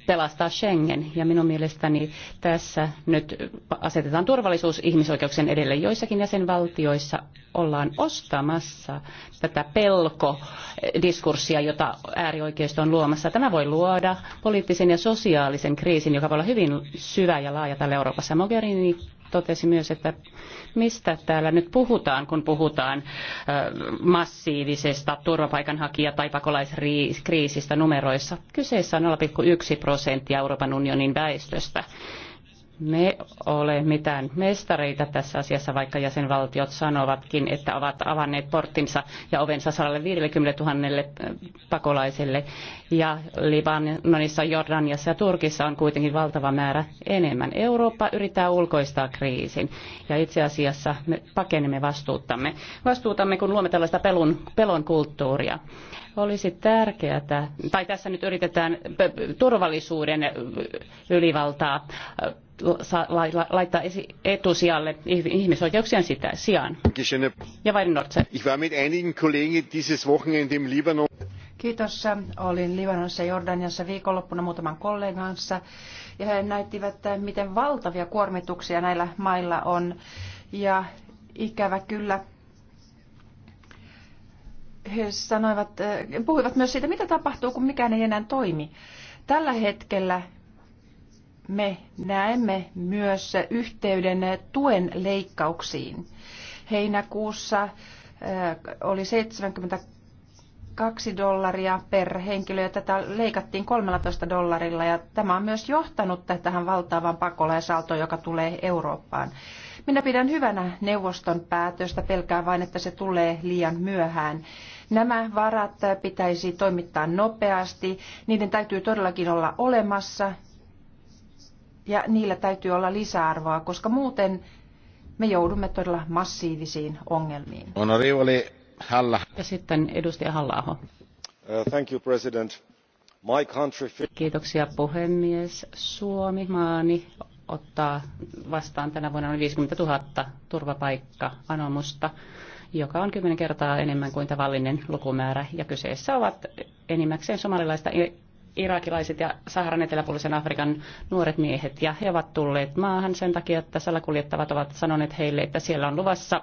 pelastaa Schengen. Ja minun mielestäni tässä nyt asetetaan turvallisuus ihmisoikeuksien edelle. Joissakin jäsenvaltioissa ollaan ostamassa tätä pelkodiskurssia, äh, jota äärioikeisto on luomassa. Tämä voi luoda poliittisen ja sosiaalisen kriisin, joka voi olla hyvin syvä ja laaja täällä Euroopassa. Mogherini totesi myös, että mistä täällä nyt puhutaan, kun puhutaan massiivisesta turvapaikanhakija- tai pakolaiskriisistä numeroissa. Kyseessä on 0,1 prosenttia Euroopan unionin väestöstä me ole mitään mestareita tässä asiassa, vaikka jäsenvaltiot sanovatkin, että ovat avanneet porttinsa ja ovensa 150 000 äh, pakolaiselle. Ja Libanonissa, Jordaniassa ja Turkissa on kuitenkin valtava määrä enemmän. Eurooppa yrittää ulkoistaa kriisin ja itse asiassa me pakenemme vastuuttamme. Vastuutamme, kun luomme tällaista pelun, pelon kulttuuria olisi tärkeää, tai tässä nyt yritetään turvallisuuden ylivaltaa äh, laittaa etusijalle ihmisoikeuksien sitä sijaan. Ja vain Nortse. Ich war mit einigen Kollegen dieses Wochenende im Libanon. Kiitos. Olin Libanonissa ja Jordaniassa viikonloppuna muutaman kollegan kanssa ja he näyttivät, miten valtavia kuormituksia näillä mailla on. Ja ikävä kyllä he sanoivat, eh, puhuivat myös siitä, mitä tapahtuu, kun mikään ei enää toimi. Tällä hetkellä me näemme myös yhteyden tuen leikkauksiin. Heinäkuussa eh, oli 72 dollaria per henkilö ja tätä leikattiin 13 dollarilla ja tämä on myös johtanut tähän valtavaan pakolaisaaltoon, joka tulee Eurooppaan. Minä pidän hyvänä neuvoston päätöstä, pelkään vain, että se tulee liian myöhään Nämä varat pitäisi toimittaa nopeasti, niiden täytyy todellakin olla olemassa ja niillä täytyy olla lisäarvoa, koska muuten me joudumme todella massiivisiin ongelmiin. Honorivoli Halla. Ja sitten edustaja halla uh, thank you, President. My country... Kiitoksia puhemies. Suomi, maani, ottaa vastaan tänä vuonna noin 50 000 turvapaikka-anomusta joka on kymmenen kertaa enemmän kuin tavallinen lukumäärä. Ja kyseessä ovat enimmäkseen somalilaista irakilaiset ja Saharan eteläpuolisen Afrikan nuoret miehet. Ja he ovat tulleet maahan sen takia, että salakuljettavat ovat sanoneet heille, että siellä on luvassa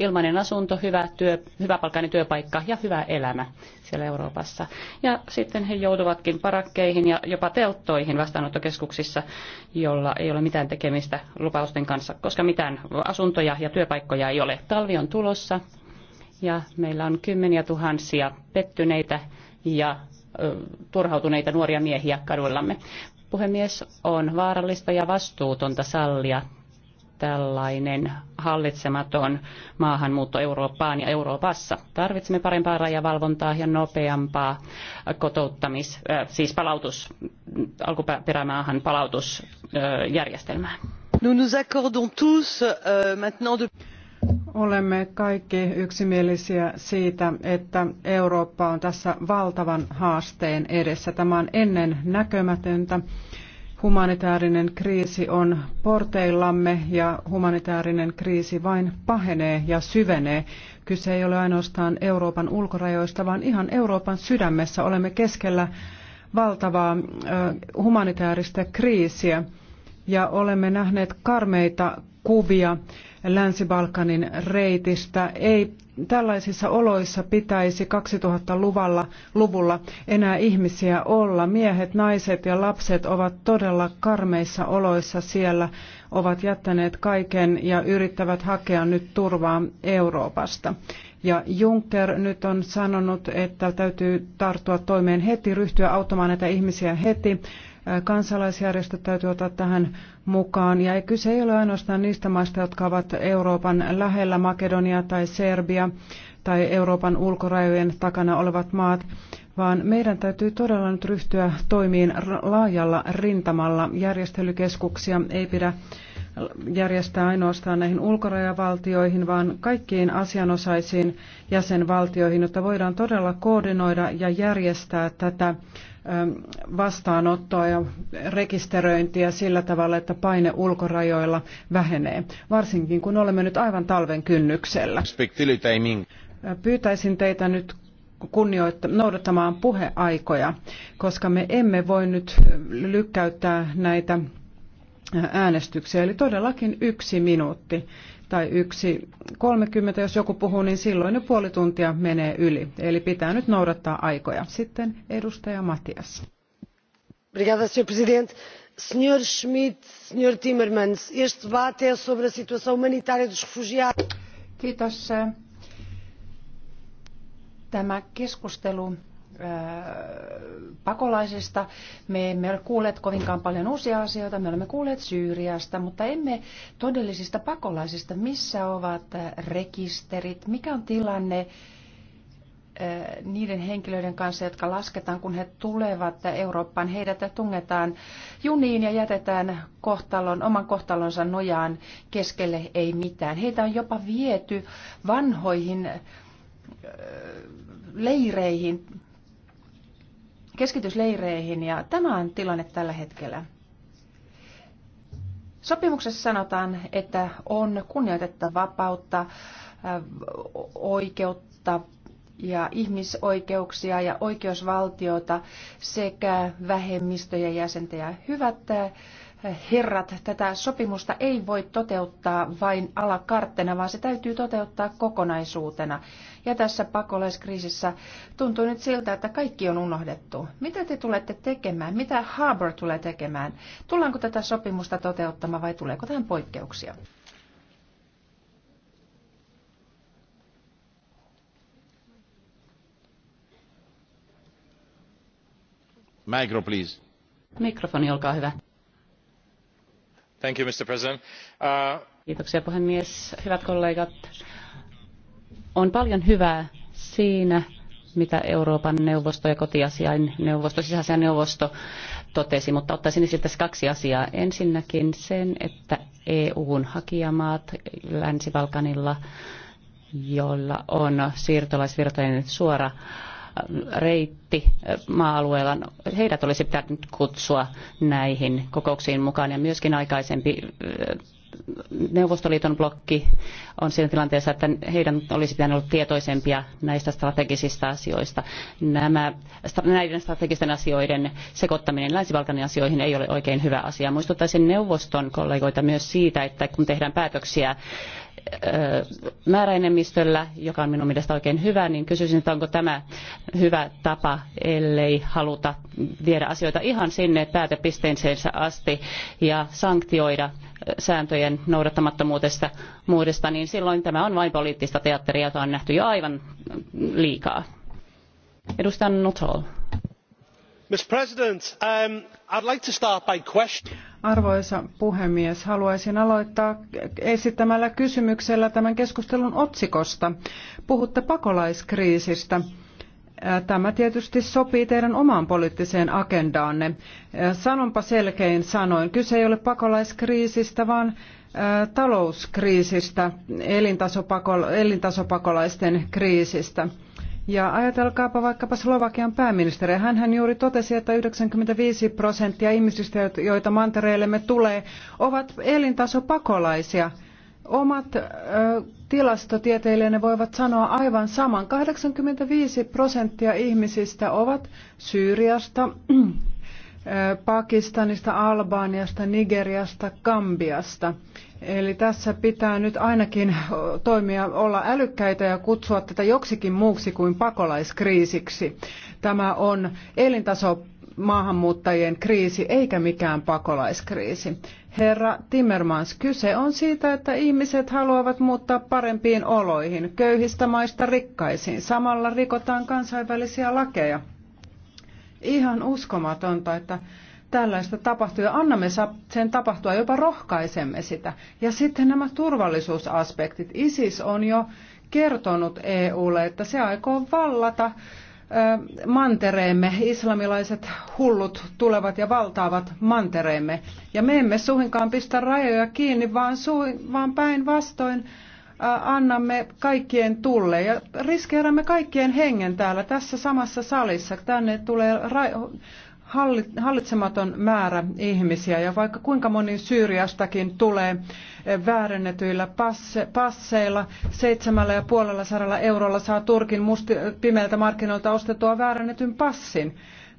ilmainen asunto, hyvä, työ, hyvä palkainen työpaikka ja hyvä elämä siellä Euroopassa. Ja sitten he joutuvatkin parakkeihin ja jopa telttoihin vastaanottokeskuksissa, jolla ei ole mitään tekemistä lupausten kanssa, koska mitään asuntoja ja työpaikkoja ei ole. Talvi on tulossa ja meillä on kymmeniä tuhansia pettyneitä ja ö, turhautuneita nuoria miehiä kaduillamme. Puhemies, on vaarallista ja vastuutonta sallia tällainen hallitsematon maahanmuutto Eurooppaan ja Euroopassa. Tarvitsemme parempaa rajavalvontaa ja nopeampaa kotouttamis, äh, siis palautus, alkuperämaahan palautusjärjestelmää. Euh, Olemme kaikki yksimielisiä siitä, että Eurooppa on tässä valtavan haasteen edessä. Tämä on ennen näkömätöntä. Humanitaarinen kriisi on porteillamme ja humanitaarinen kriisi vain pahenee ja syvenee. Kyse ei ole ainoastaan Euroopan ulkorajoista, vaan ihan Euroopan sydämessä olemme keskellä valtavaa humanitaarista kriisiä ja olemme nähneet karmeita kuvia Länsi-Balkanin reitistä. Ei tällaisissa oloissa pitäisi 2000-luvulla luvulla enää ihmisiä olla. Miehet, naiset ja lapset ovat todella karmeissa oloissa siellä, ovat jättäneet kaiken ja yrittävät hakea nyt turvaa Euroopasta. Ja Juncker nyt on sanonut, että täytyy tarttua toimeen heti, ryhtyä auttamaan näitä ihmisiä heti Kansalaisjärjestöt täytyy ottaa tähän mukaan. Ja kyse ei ole ainoastaan niistä maista, jotka ovat Euroopan lähellä, Makedonia tai Serbia tai Euroopan ulkorajojen takana olevat maat, vaan meidän täytyy todella nyt ryhtyä toimiin laajalla rintamalla. Järjestelykeskuksia ei pidä järjestää ainoastaan näihin ulkorajavaltioihin, vaan kaikkiin asianosaisiin jäsenvaltioihin, jotta voidaan todella koordinoida ja järjestää tätä Ähm, vastaanottoa ja rekisteröintiä sillä tavalla, että paine ulkorajoilla vähenee, varsinkin kun olemme nyt aivan talven kynnyksellä. Äh, pyytäisin teitä nyt kunnioitta, noudattamaan puheaikoja, koska me emme voi nyt lykkäyttää näitä äänestyksiä. Eli todellakin yksi minuutti tai yksi 30, jos joku puhuu, niin silloin jo puoli tuntia menee yli. Eli pitää nyt noudattaa aikoja. Sitten edustaja Matias. Obrigada, senhor presidente. Senhor Schmidt, senhor Timmermans, este debate é sobre a situação humanitária dos refugiados. Kiitos. Tämä keskustelu Äh, pakolaisista. Me emme ole kuulleet kovinkaan paljon uusia asioita, me olemme kuulleet Syyriasta, mutta emme todellisista pakolaisista. Missä ovat äh, rekisterit, mikä on tilanne äh, niiden henkilöiden kanssa, jotka lasketaan, kun he tulevat Eurooppaan. Heidät tungetaan juniin ja jätetään kohtalon, oman kohtalonsa nojaan keskelle ei mitään. Heitä on jopa viety vanhoihin leireihin keskitysleireihin ja tämä on tilanne tällä hetkellä. Sopimuksessa sanotaan, että on kunnioitettava vapautta, äh, oikeutta ja ihmisoikeuksia ja oikeusvaltiota sekä vähemmistöjen jäsentä. Ja äh, herrat, tätä sopimusta ei voi toteuttaa vain alakarttena, vaan se täytyy toteuttaa kokonaisuutena. Ja tässä pakolaiskriisissä tuntuu nyt siltä, että kaikki on unohdettu. Mitä te tulette tekemään? Mitä Harbour tulee tekemään? Tullaanko tätä sopimusta toteuttamaan vai tuleeko tähän poikkeuksia? Mikro please. Mikrofoni, olkaa hyvä arvoisa uh, Kiitoksia puhemies. Hyvät kollegat, on paljon hyvää siinä, mitä Euroopan neuvosto ja kotiasiainneuvosto neuvosto, sisäisen neuvosto totesi, mutta ottaisin esille tässä kaksi asiaa. Ensinnäkin sen, että EUn hakijamaat Länsi-Balkanilla, joilla on siirtolaisvirtojen suora reitti maa-alueella. Heidät olisi pitänyt kutsua näihin kokouksiin mukaan ja myöskin aikaisempi Neuvostoliiton blokki on siinä tilanteessa, että heidän olisi pitänyt olla tietoisempia näistä strategisista asioista. Nämä, näiden strategisten asioiden sekoittaminen Länsi-Balkanin asioihin ei ole oikein hyvä asia. Muistuttaisin neuvoston kollegoita myös siitä, että kun tehdään päätöksiä määräenemmistöllä, joka on minun mielestä oikein hyvä, niin kysyisin, että onko tämä hyvä tapa, ellei haluta viedä asioita ihan sinne päätepisteensä asti ja sanktioida sääntöjen noudattamattomuudesta muudesta, niin silloin tämä on vain poliittista teatteria, jota on nähty jo aivan liikaa. Edustaja Nuttall. Mr. President, um, I'd like to start by questioning Arvoisa puhemies, haluaisin aloittaa esittämällä kysymyksellä tämän keskustelun otsikosta. Puhutte pakolaiskriisistä. Tämä tietysti sopii teidän omaan poliittiseen agendaanne. Sanonpa selkein sanoin, kyse ei ole pakolaiskriisistä, vaan talouskriisistä, elintasopakolaisten kriisistä. Ja ajatelkaapa vaikkapa Slovakian pääministeri, hän juuri totesi, että 95 prosenttia ihmisistä, joita mantereillemme tulee, ovat elintasopakolaisia. Omat ö, tilastotieteilijänne voivat sanoa aivan saman. 85 prosenttia ihmisistä ovat Syyriasta, Pakistanista, Albaaniasta, Nigeriasta, Gambiasta. Eli tässä pitää nyt ainakin toimia, olla älykkäitä ja kutsua tätä joksikin muuksi kuin pakolaiskriisiksi. Tämä on elintaso maahanmuuttajien kriisi eikä mikään pakolaiskriisi. Herra Timmermans, kyse on siitä, että ihmiset haluavat muuttaa parempiin oloihin, köyhistä maista rikkaisiin. Samalla rikotaan kansainvälisiä lakeja. Ihan uskomatonta, että tällaista tapahtuu ja annamme sen tapahtua, jopa rohkaisemme sitä. Ja sitten nämä turvallisuusaspektit. ISIS on jo kertonut EUlle, että se aikoo vallata mantereemme, islamilaiset hullut tulevat ja valtaavat mantereemme. Ja me emme suinkaan pistä rajoja kiinni, vaan, vaan päinvastoin annamme kaikkien tulle ja riskeerämme kaikkien hengen täällä tässä samassa salissa. Tänne tulee ra- hallitsematon määrä ihmisiä ja vaikka kuinka moni Syyriastakin tulee eh, väärennetyillä passeilla, seitsemällä ja puolella saralla eurolla saa Turkin musti, pimeiltä markkinoilta ostettua väärennetyn passin.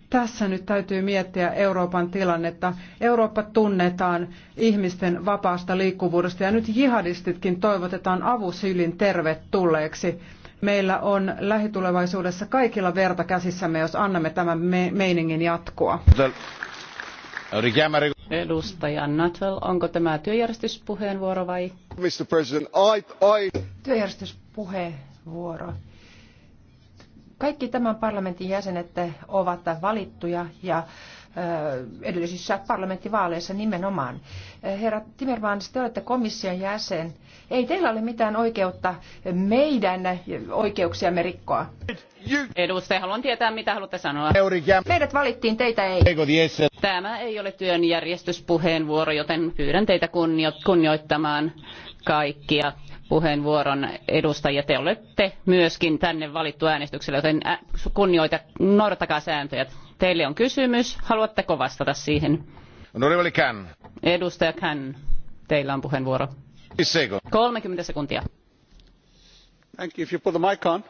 Tässä nyt täytyy miettiä Euroopan tilannetta. Eurooppa tunnetaan ihmisten vapaasta liikkuvuudesta ja nyt jihadistitkin toivotetaan avusylin tervetulleeksi. Meillä on lähitulevaisuudessa kaikilla verta käsissämme, jos annamme tämän me- meiningin jatkua. Edustaja Nuttall, onko tämä työjärjestyspuheenvuoro vai? Mr. President, I, I... Työjärjestyspuheenvuoro. Kaikki tämän parlamentin jäsenet ovat valittuja ja edellisissä parlamenttivaaleissa nimenomaan. Herra Timmermans, te olette komission jäsen. Ei teillä ole mitään oikeutta meidän oikeuksiamme rikkoa. Edustaja, haluan tietää, mitä haluatte sanoa. Meidät valittiin, teitä ei. Tämä ei ole työnjärjestyspuheenvuoro, joten pyydän teitä kunnioittamaan kaikkia puheenvuoron edustajia. Te olette myöskin tänne valittu äänestyksellä, joten kunnioita, noudattakaa sääntöjä. Teille on kysymys. Haluatteko vastata siihen? Edustaja Khan, teillä on puheenvuoro. 30 sekuntia. Thank you. If you put the mic on.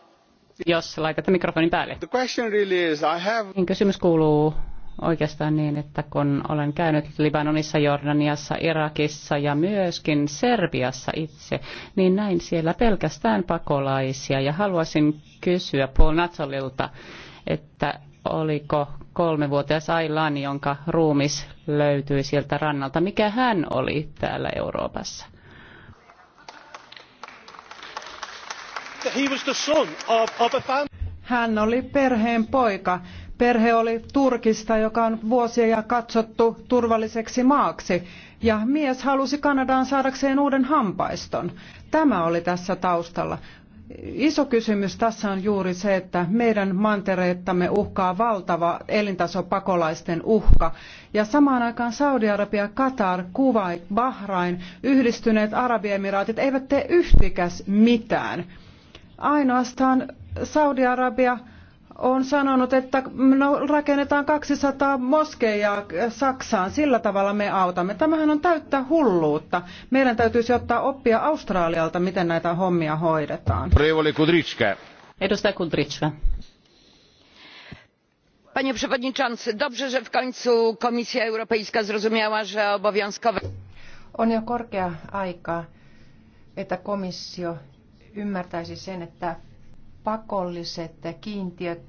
Jos laitatte mikrofonin päälle. The question really is, I have... Niin, kysymys kuuluu oikeastaan niin, että kun olen käynyt Libanonissa, Jordaniassa, Irakissa ja myöskin Serbiassa itse, niin näin siellä pelkästään pakolaisia. Ja haluaisin kysyä Paul Natsolilta, että oliko kolmevuotias Ailan, jonka ruumis löytyi sieltä rannalta. Mikä hän oli täällä Euroopassa? Hän oli perheen poika. Perhe oli Turkista, joka on vuosia katsottu turvalliseksi maaksi, ja mies halusi Kanadaan saadakseen uuden hampaiston. Tämä oli tässä taustalla iso kysymys tässä on juuri se, että meidän mantereettamme uhkaa valtava elintasopakolaisten uhka. Ja samaan aikaan Saudi-Arabia, Katar, Kuwait, Bahrain, yhdistyneet Arabiemiraatit eivät tee yhtikäs mitään. Ainoastaan Saudi-Arabia on sanonut, että no, rakennetaan 200 moskeijaa Saksaan, sillä tavalla me autamme. Tämähän on täyttä hulluutta. Meidän täytyisi ottaa oppia Australialta, miten näitä hommia hoidetaan. Edustaja Kudrycka. Panie przewodniczący, dobrze, że w końcu Komisja Europejska zrozumiała, że obowiązkowe... On jo korkea aika, että komissio ymmärtäisi sen, että pakolliset kiintiöt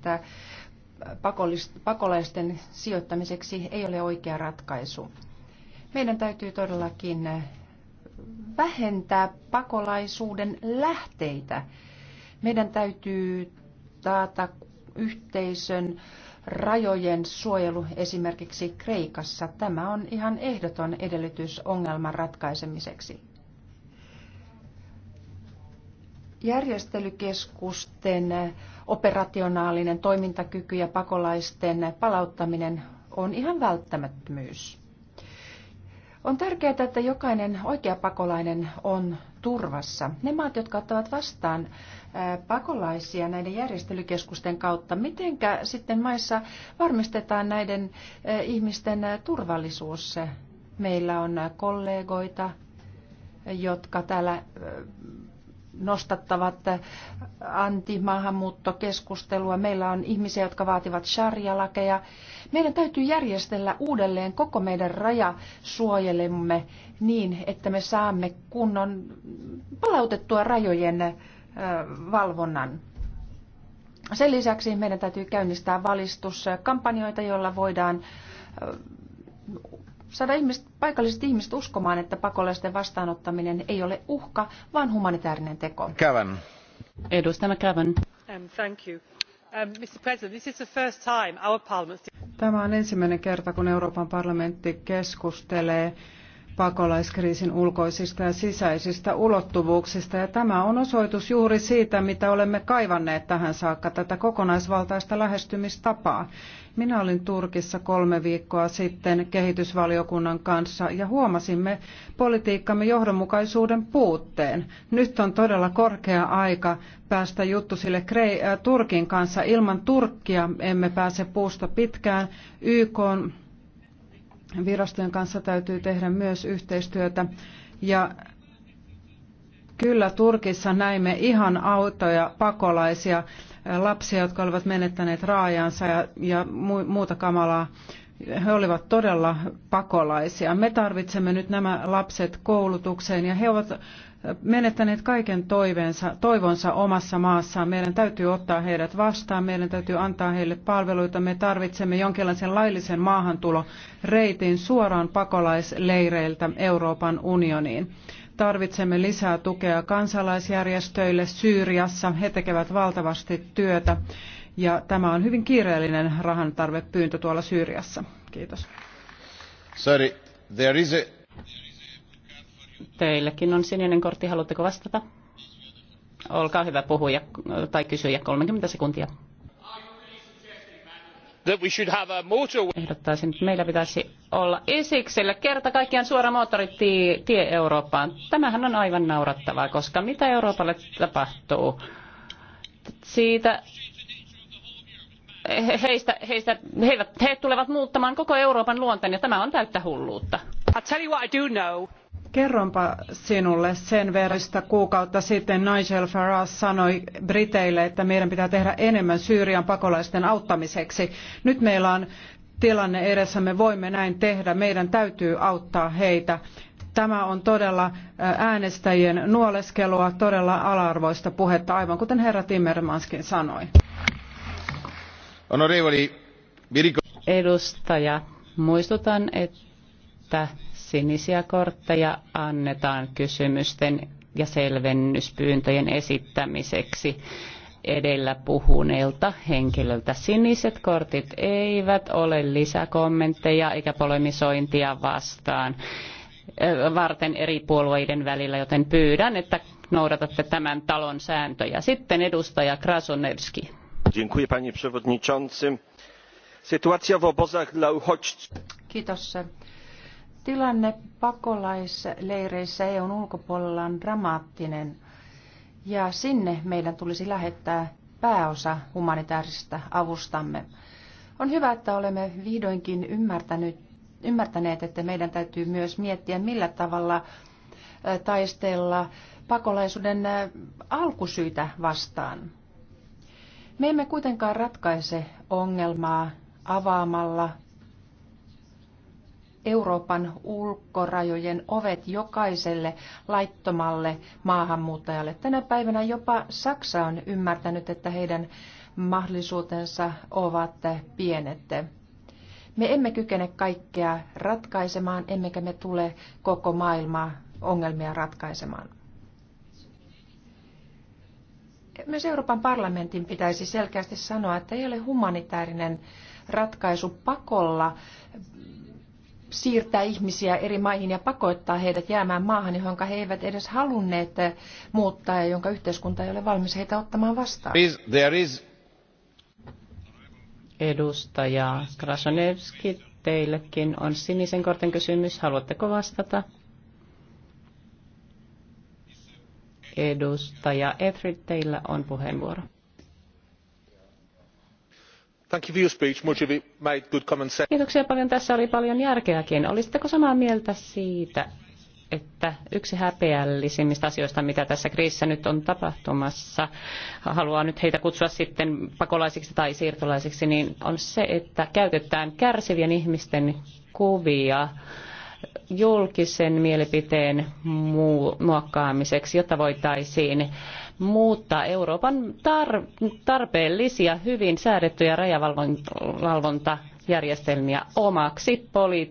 pakolaisten sijoittamiseksi ei ole oikea ratkaisu. Meidän täytyy todellakin vähentää pakolaisuuden lähteitä. Meidän täytyy taata yhteisön rajojen suojelu esimerkiksi Kreikassa. Tämä on ihan ehdoton edellytys ongelman ratkaisemiseksi järjestelykeskusten operationaalinen toimintakyky ja pakolaisten palauttaminen on ihan välttämättömyys. On tärkeää, että jokainen oikea pakolainen on turvassa. Ne maat, jotka ottavat vastaan pakolaisia näiden järjestelykeskusten kautta, mitenkä sitten maissa varmistetaan näiden ihmisten turvallisuus? Meillä on kollegoita, jotka täällä nostattavat antimaahanmuuttokeskustelua. Meillä on ihmisiä, jotka vaativat sarjalakeja. Meidän täytyy järjestellä uudelleen koko meidän rajasuojelemme niin, että me saamme kunnon palautettua rajojen valvonnan. Sen lisäksi meidän täytyy käynnistää valistuskampanjoita, joilla voidaan saada ihmiset, paikalliset ihmiset uskomaan, että pakolaisten vastaanottaminen ei ole uhka, vaan humanitaarinen teko. Kävän. Edustaja kävän. Um, thank you. Tämä on ensimmäinen kerta, kun Euroopan parlamentti keskustelee pakolaiskriisin ulkoisista ja sisäisistä ulottuvuuksista. Ja tämä on osoitus juuri siitä, mitä olemme kaivanneet tähän saakka, tätä kokonaisvaltaista lähestymistapaa. Minä olin Turkissa kolme viikkoa sitten kehitysvaliokunnan kanssa ja huomasimme politiikkamme johdonmukaisuuden puutteen. Nyt on todella korkea aika päästä juttusille äh, Turkin kanssa. Ilman Turkkia emme pääse puusta pitkään. YK on virastojen kanssa täytyy tehdä myös yhteistyötä. Ja kyllä Turkissa näimme ihan autoja pakolaisia, lapsia, jotka olivat menettäneet raajansa ja, ja muuta kamalaa. He olivat todella pakolaisia. Me tarvitsemme nyt nämä lapset koulutukseen ja he ovat menettäneet kaiken toiveensa, toivonsa omassa maassaan. Meidän täytyy ottaa heidät vastaan, meidän täytyy antaa heille palveluita. Me tarvitsemme jonkinlaisen laillisen maahantuloreitin suoraan pakolaisleireiltä Euroopan unioniin. Tarvitsemme lisää tukea kansalaisjärjestöille Syyriassa. He tekevät valtavasti työtä ja tämä on hyvin kiireellinen rahan tarvepyyntö tuolla Syyriassa. Kiitos. Sorry, there is a Teillekin on sininen kortti, haluatteko vastata? Olkaa hyvä puhuja tai kysyjä, 30 sekuntia. Ehdottaisin, että meillä pitäisi olla esiksellä kerta kaikkiaan suora moottoritie Eurooppaan. Tämähän on aivan naurattavaa, koska mitä Euroopalle tapahtuu? Siitä heistä, heistä, he, he tulevat muuttamaan koko Euroopan luonteen ja tämä on täyttä hulluutta. I'll tell you what I do know. Kerronpa sinulle sen verristä kuukautta sitten Nigel Farage sanoi Briteille, että meidän pitää tehdä enemmän Syyrian pakolaisten auttamiseksi. Nyt meillä on tilanne edessä, me voimme näin tehdä, meidän täytyy auttaa heitä. Tämä on todella äänestäjien nuoleskelua, todella alarvoista puhetta, aivan kuten herra Timmermanskin sanoi. Edustaja, muistutan, että Sinisiä kortteja annetaan kysymysten ja selvennyspyyntöjen esittämiseksi edellä puhuneelta henkilöltä. Siniset kortit eivät ole lisäkommentteja eikä polemisointia vastaan varten eri puolueiden välillä, joten pyydän, että noudatatte tämän talon sääntöjä. Sitten edustaja Krasonevski. Dziękuję panie przewodniczący. Sytuacja w obozach dla uchodźców. Kiitos Tilanne pakolaisleireissä EUn ulkopuolella on dramaattinen ja sinne meidän tulisi lähettää pääosa humanitaarisesta avustamme. On hyvä, että olemme vihdoinkin ymmärtänyt, ymmärtäneet, että meidän täytyy myös miettiä, millä tavalla taistella pakolaisuuden alkusyitä vastaan. Me emme kuitenkaan ratkaise ongelmaa avaamalla Euroopan ulkorajojen ovet jokaiselle laittomalle maahanmuuttajalle. Tänä päivänä jopa Saksa on ymmärtänyt, että heidän mahdollisuutensa ovat pienet. Me emme kykene kaikkea ratkaisemaan, emmekä me tule koko maailmaa ongelmia ratkaisemaan. Myös Euroopan parlamentin pitäisi selkeästi sanoa, että ei ole humanitaarinen ratkaisu pakolla siirtää ihmisiä eri maihin ja pakottaa heidät jäämään maahan, johon he eivät edes halunneet muuttaa ja jonka yhteiskunta ei ole valmis heitä ottamaan vastaan. There is... Edustaja Krasonevski, teillekin on sinisen kortin kysymys. Haluatteko vastata? Edustaja Efrit, teillä on puheenvuoro. Kiitoksia paljon. Tässä oli paljon järkeäkin. Olisitteko samaa mieltä siitä, että yksi häpeällisimmistä asioista, mitä tässä kriisissä nyt on tapahtumassa, haluaa nyt heitä kutsua sitten pakolaisiksi tai siirtolaisiksi, niin on se, että käytetään kärsivien ihmisten kuvia julkisen mielipiteen muokkaamiseksi, jotta voitaisiin muuttaa Euroopan tarpeellisia hyvin säädettyjä rajavalvontajärjestelmiä omaksi poli-